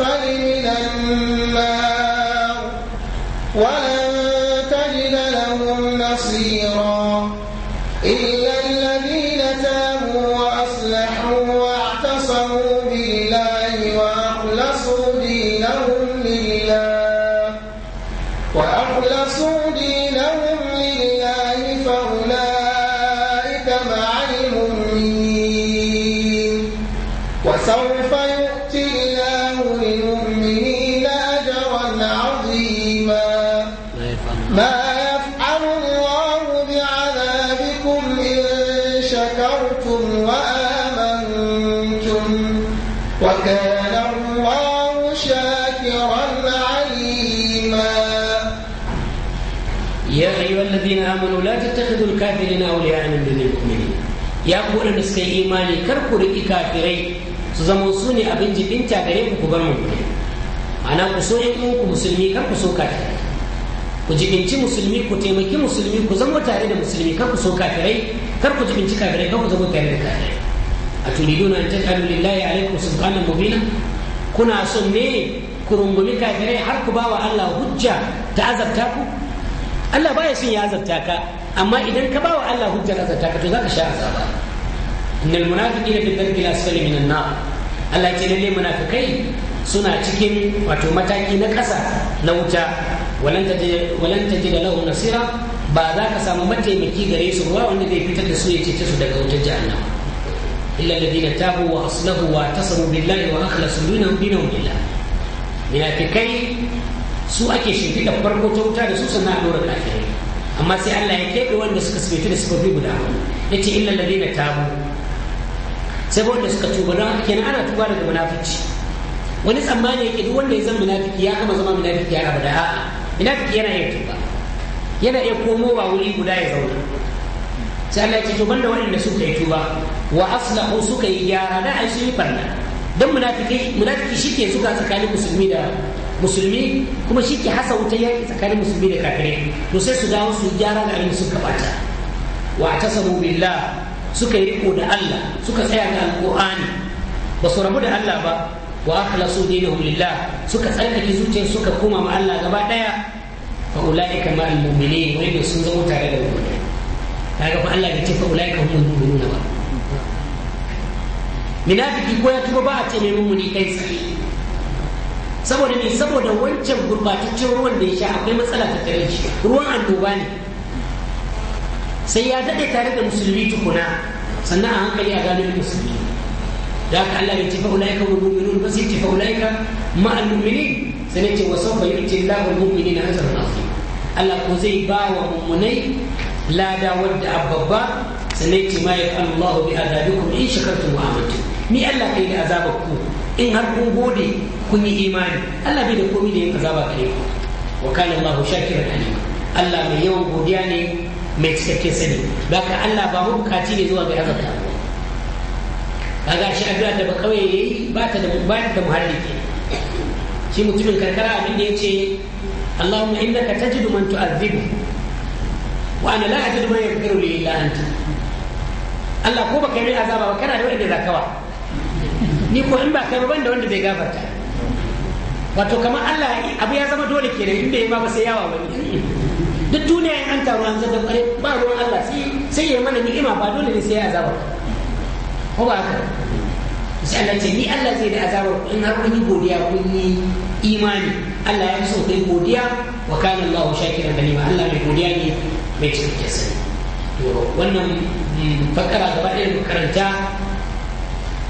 فإلى النار ولا amanu la tattakhidul kafirina awliya min dunil mu'minin ya ku waɗanda suka yi imani kar ku riƙi kafirai su zama su ne abin jibinta gare ku ku bar mu ana ku so yan ku musulmi kar ku so kafirai ku jibinci musulmi ku taimaki musulmi ku zama tare da musulmi kar ku so kafirai kar ku jibinci kafirai kar ku zama tare da kafirai a turiduna an taj'alu lillahi alaikum subhanan mubina kuna son ne ku rungumi kafirai har ku bawa Allah hujja ta azabta ku Allah baya son ya azabta ka amma idan ka bawa Allah hujjar azabta ka to zaka sha azaba innal munafiqina fi dharki al minan nar Allah ce lalle munafikai suna cikin wato mataki na ƙasa na wuta walan ta da lahu nasira ba za ka samu mataimaki gare su ba wanda zai fitar da su ya cece su daga wutar jahannama illa alladhina tabu wa aslahu wa tasamu billahi wa akhlasu dinahum dinahum lillah munafikai su ake da farko ta wuta da su sannan a ɗora kafirai amma sai Allah ya keɓe wanda suka sifaitu da fi guda ya ce illa na tabu sai wanda suka tuba don ake na ana tuba daga munafici wani tsammani yake duk wanda ya zama munafiki ya kama zama munafiki ya abada a'a munafiki yana iya tuba yana iya komowa wuri guda ya zauna sai Allah ya ce to banda waɗanda suka yi tuba wa aslahu suka yi gyara da an shi yi barna dan munafiki munafiki shike zuga tsakanin musulmi da musulmi kuma shi ke hasa wuta yaƙi tsakanin musulmi da kafirai to sai su dawo su gyara da abin suka bata wa samu billah suka yi riko da Allah suka tsaya da alqur'ani ba su rabu da Allah ba wa akhlasu dinahum lillah suka tsarkake zuciyar suka koma ma Allah gaba daya fa ulaika ma wa wanda sun zama tare da mu'mini kaga fa Allah ya ce fa ulaika humul mu'minuna ba minafiki ko ya tuba ba a ce mai mummuni kai tsaye saboda me saboda wancan gurbataccen ruwan da ya sha akwai matsala ta tare shi ruwan annoba ne sai ya daɗe tare da musulmi tukuna sannan a hankali a gano musulmi da haka Allah ya ce fa ulaika hum mu'minun fa sai ce fa ulaika ma'al mu'minin sai ne ce wa sawfa yu'ti Allahu al-mu'minina ajran azim Allah ko zai ba wa mu'minai lada wadda ababba sannan ce ma ya Allah bi azabikum in shakartum wa amantum ni Allah kai da azabar ku in har kun gode kun yi imani Allah bai da komai da yin azaba gare ku wa kana Allahu shakiran alim Allah mai yawan godiya ne mai cikakken sani haka Allah ba mu bukaci ne zuwa ga azabta ga shi addu'a da ba kawai yayi ba ta da ba ta muhalli shi mutumin karkara abin da yace Allahumma innaka tajidu man tu'adhibu wa ana la ajidu man yaghfiru li illa anta Allah ko baka yi azaba ba kana da wanda zakawa ni ko in ba kai ba ban da wanda bai gafarta wato kamar Allah abu ya zama dole ke da in bai ma ba sai yawa wani duk duniya in an taru an zama bare ba ruwan Allah sai ya mana ni'ima ba dole ne sai ya azaba ko ba haka sai Allah ce ni Allah zai da azaba in har kun yi godiya kun yi imani Allah ya so kai godiya wa kana Allah shakiran nima Allah mai godiya ne mai cikakke sai to wannan mm, fakara gaba ɗaya karanta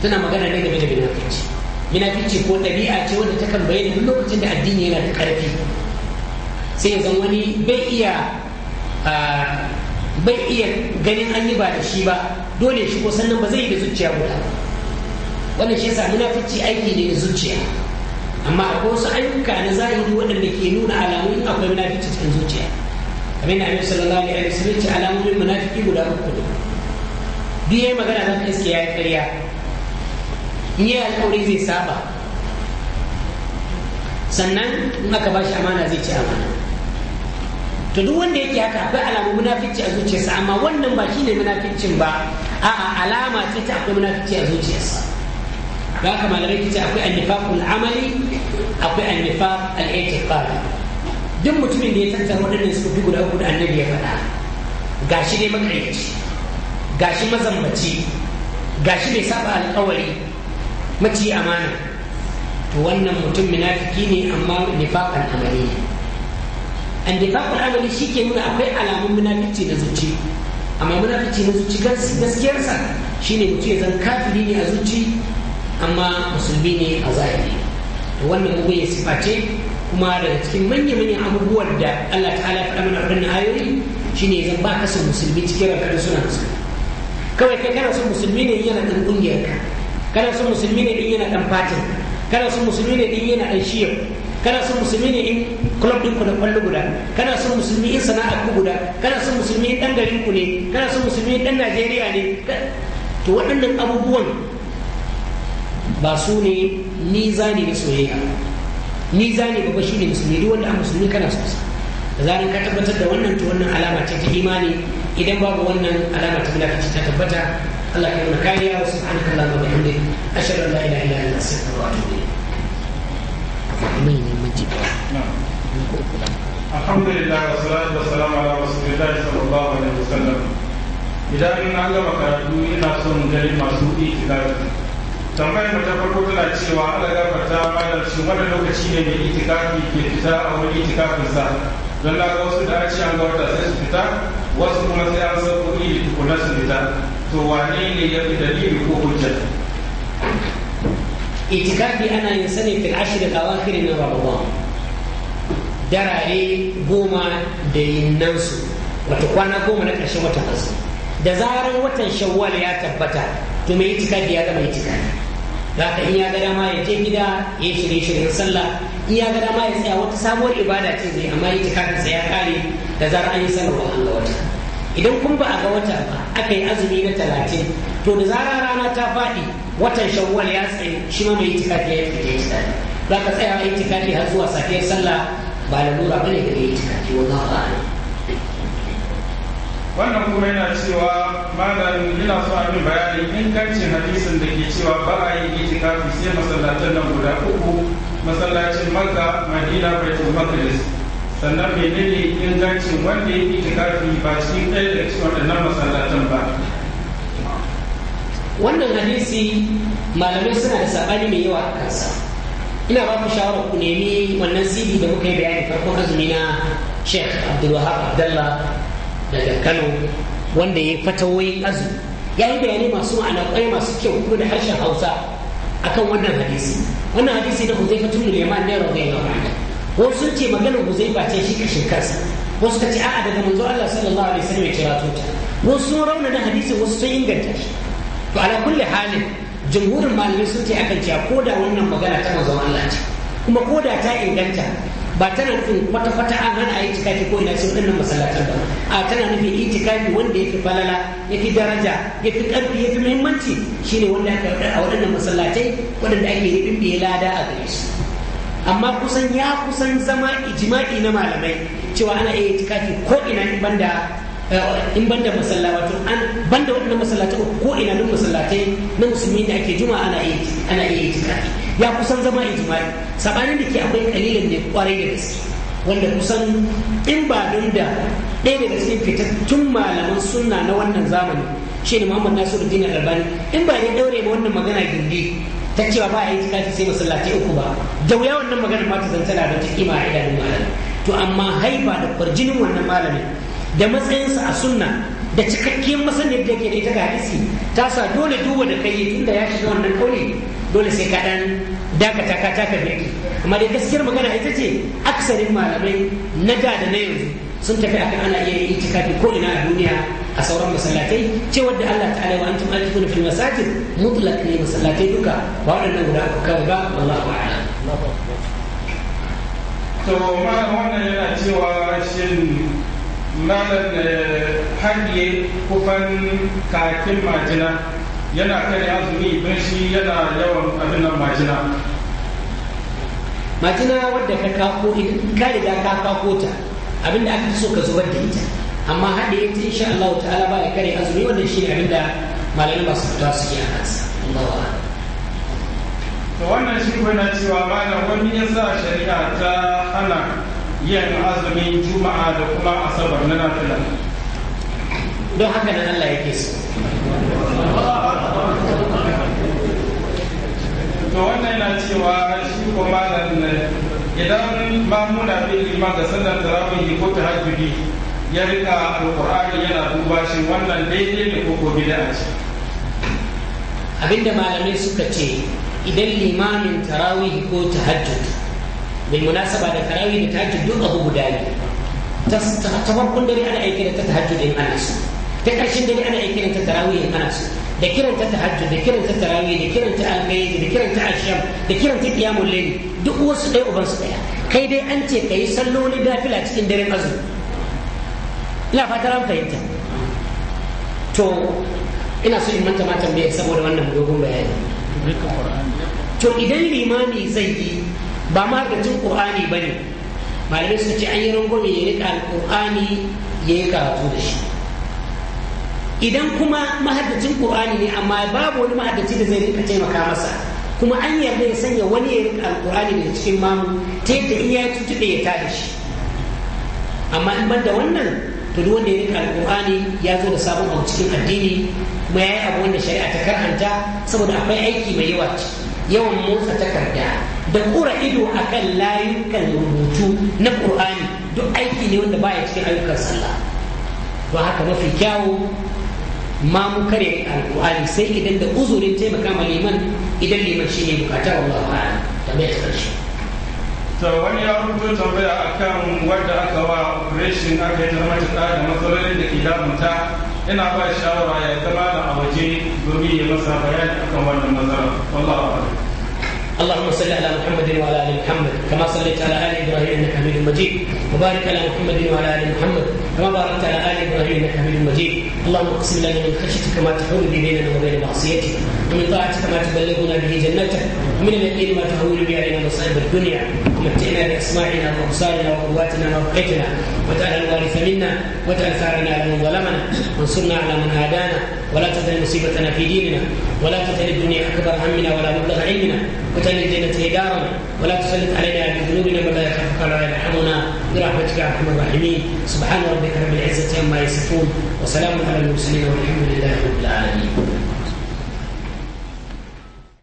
tana magana ne game da bin munafici ko ɗabi'a ce wanda ta kan bayyana duk lokacin da addini yana da ƙarfi sai ya wani bai iya bai iya ganin an yi ba da shi ba dole shi ko sannan ba zai yi da zuciya guda wannan shi yasa munafici aiki ne da zuciya amma akwai wasu ayyuka na zahiri waɗanda ke nuna alamun akwai munafici cikin zuciya kamar yadda annabi sallallahu alaihi wasallam ya ce alamomin munafiki guda uku ne duk magana zan iske yi ƙarya Ni yi alƙawari zai saba sannan in aka ba shi amana zai ci amana to duk wanda yake haka akwai alamun munafici a zuciyarsa amma wannan ba shine munaficin ba a'a alama ce ta akwai munafici a zuciyarsa ba haka malamai ce akwai annifaqul amali akwai annifaq al-i'tiqadi duk mutumin da ya tantar waɗannan su duk guda uku da annabi ya faɗa gashi dai makaici gashi mazambaci gashi bai saba alƙawari maci amana to wannan mutum munafiki ne amma nifaqan amali an nifaqan amali ke nuna akwai alamun munafici na zuci amma munafici na zuci gaskiyarsa shine mutum ya zan kafiri ne a zuci amma musulmi ne a zahiri to wannan mugun ya sifa kuma daga cikin manya manyan abubuwan da Allah ta'ala faɗa mana waɗannan ayoyi shine ne zan ba ka musulmi cikin ranka suna musulmi kawai kai kana son musulmi ne yana ɗan ƙungiyarka kana son musulmi ne din yana dan fatin kana son musulmi ne din yana dan shiyar kana son musulmi ne in club ɗinku da kwallo guda kana son musulmi in sana'a ku guda kana son musulmi in ɗan garin ku ne kana son musulmi in ɗan najeriya ne to waɗannan abubuwan ba su ne ni zani na soyayya ni zani ba shi ne musulmi duk wanda a musulmi kana so da zaran ka tabbatar da wannan to wannan alama ce ta imani idan babu wannan alama ta ce ta tabbata الله a كايا وسبحانك اللهم وبحمدك اشهد ان لا اله الا انت استغفرك واتوب اليك الحمد لله والصلاة والسلام على رسول الله صلى الله عليه وسلم idan in gama karatu ina son gani masu itikafi tambayar ta farko tana cewa Allah gafarta malam shi wani lokaci ne mai itikafi ke fita a wani itikafin sa don na ga wasu da an ce an sai su fita wasu kuma sai an sauko iri tukunan su fita to wane ne ya fi dalili ko hujjar itikadi ana yin sani fil ashir da awakhir na ramadan darare goma da yinnan su wato kwana goma na ƙarshen watan azumi da zarar watan shawwal ya tabbata to mai itikadi ya zama itikadi za ka iya ga dama ya je gida ya shirye shirye sallah iya ga dama ya tsaya wata sabuwar ibada ce zai amma itikadin sa ya kare da zarar an yi sanarwa Allah wata idan kun ba a ga wata ba aka yi azumi na talatin to da zarar rana ta faɗi watan shawwal ya tsaye shi ma mai itikafi ya fita itikafi za ka tsaya a itikafi har zuwa safiyar sallah ba lalura ba ne da ya itikafi wallahu a'lam wannan kuma yana cewa malamin yana so a min bayanin ingancin hadisin da ke cewa ba a yi itikafi sai masallacin nan guda uku masallacin makka madina baitul maqdis sannan ne ingancin wanda ya kafi ba shi ɗaya da cikin waɗannan masallatan ba wannan hadisi malamai suna da saɓani mai yawa a kansa ina ba ku shawarar ku nemi wannan cd da muka yi bayani farkon azumi na sheikh abdulwahab abdallah daga kano wanda ya fatawoyin azumi ya yi bayani masu ma'ana kwai masu kyau kuma da harshen hausa akan wannan hadisi wannan hadisi da huzaifatul yaman ne radiyallahu anhu Wasu sun ce maganar zai ce shi kashin kansa wasu ta ce a'a daga manzo Allah sallallahu alaihi wasallam ya kira tuta wasu sun rauna da hadisi wasu sun inganta shi to ala kulli halin jumhurin malamai sun ce akan cewa ko da wannan magana ta manzon Allah ce kuma ko da ta inganta ba tana nufin kwata-kwata an hana a yi tikafi ko ina sun ɗannan masallacin ba a tana nufin yi tikafi wanda ya falala ya daraja ya fi ƙarfi ya muhimmanci shine wanda aka a waɗannan masallacai waɗanda ake yi ɗin lada a gare su amma kusan ya kusan zama ijima'i na malamai cewa ana iya itikafi ko ina in banda eh, in banda masallatai an banda masallatu ko ina duk masallatai na musulmi da ake juma ana iya ana iya itikafi ya kusan zama ijima'i sabanin da ke akwai kalilan ne kwarai da gaske wanda kusan in ba don da ɗaya daga cikin fitattun malaman sunna na wannan zamani shine Muhammad Nasiru Dina Albani in ba ya daure ma wannan magana gindi ta cewa ba a yi tikafi sai masallaci uku ba da wuya wannan magana ma ta zantana da ta kima a idanun malami to amma haiba da kwarjinin wannan malamin da matsayinsa a sunna da cikakkiyar masani da ke da ita ga hadisi ta sa dole duba da kai da ya shiga wannan kauli dole sai ka dan dakata ka taka biki amma dai gaskiyar magana ita ce aksarin malamai na da da na yanzu sun tafi akan ana iya yin itikafi ko ina a duniya a sauran masallatai ce wadda Allah alaiwa an tun alifuna fil masajid mutlaq ne masallatai duka ba waɗannan guda aka kawai ba wallahu a'lam to malam wannan yana cewa shin malam eh, hadiye kufan kakin majina yana kan azumi ban shi yana yawan abin majina majina wadda ka kako ka riga ka kako ta abinda aka so ka zubar da ita amma haɗe ta insha Allah ta'ala ba ya kare azumi wannan shi abin da ba su fita su yi a kansa Allah to wannan shi na cewa da wani ya sa shari'a ta hana yin azumin juma'a da kuma asabar na nafila don haka nan Allah yake su to wannan yana cewa shi ko malam idan mamuna bil imam da sallar yi ko tahajjudi ya rika alqur'ani yana duba shi wannan daidai ne ko ko bid'a ce abinda malamai suka ce idan limamin tarawih ko tahajjud bil munasaba da tarawih da tahajjud duk abu guda ne ta farkon dare ana da ta tahajjud in ana so ta karshen dare ana da ta tarawih in ana so da kiran ta tahajjud da kiran ta tarawih da kiran ta almayyi da kiran ta asham da kiran ta qiyamul layl duk wasu ɗaya uban su ɗaya kai dai an ce kai salloli dafila cikin daren azumi ina fatar an fahimta to ina so in manta ma tambayar saboda wannan dogon bayani to idan limami zai yi ba ma harkacin qur'ani ba ne malamai ce an yi rangwame ya rika alƙur'ani ya yi karatu da shi idan kuma mahaddacin ƙur'ani ne amma babu wani mahaddaci da zai rika taimaka masa kuma an yarda ya sanya wani ya rika alƙur'ani daga cikin mamu ta yadda in ya tutuɗe ya tada shi amma in ban wannan to duk wanda ya rika alqur'ani ya zo da sabon abu cikin addini kuma yayi abu wanda shari'a ta karanta saboda akwai aiki mai yawa yawan motsa takarda da kura ido akan layukan rubutu na ƙur'ani duk aiki ne wanda baya cikin ayyukan sallah don haka mafi kyawu ma mu kare alkur'ani sai idan da uzurin taimaka ma liman idan liman shine bukata wallahu a'lam tambayar karshe to wani ya rubuto tambaya akan wadda aka wa operation aka yi ta ta da matsalolin da ke damunta ina ba shawara ya zama da a waje domin ya masa bayani akan wannan matsalar wallahu a'lam اللهم صل على محمد وعلى ال محمد كما صليت على ال ابراهيم انك حميد مجيد وبارك على محمد وعلى ال محمد كما باركت على ال ابراهيم انك حميد مجيد اللهم اقسم لنا من خشيتك ما تحول به بيننا وبين معصيتك ومن طاعتك ما تبلغنا به جنتك ومن اليقين ما تحول به علينا مصائب الدنيا ومتعنا باسماعنا وابصارنا وقواتنا ووقتنا واجعل الوارث منا واجعل ثارنا على من ظلمنا وانصرنا على من هادانا ولا تزل مصيبتنا في ديننا ولا تزل الدنيا اكبر همنا ولا مبلغ علمنا وتن الجنه دارنا ولا تسلط علينا بذنوبنا من لا يخافك ولا يرحمنا برحمتك يا ارحم الراحمين سبحان ربك رب العزه عما يصفون وسلام على المرسلين والحمد لله رب العالمين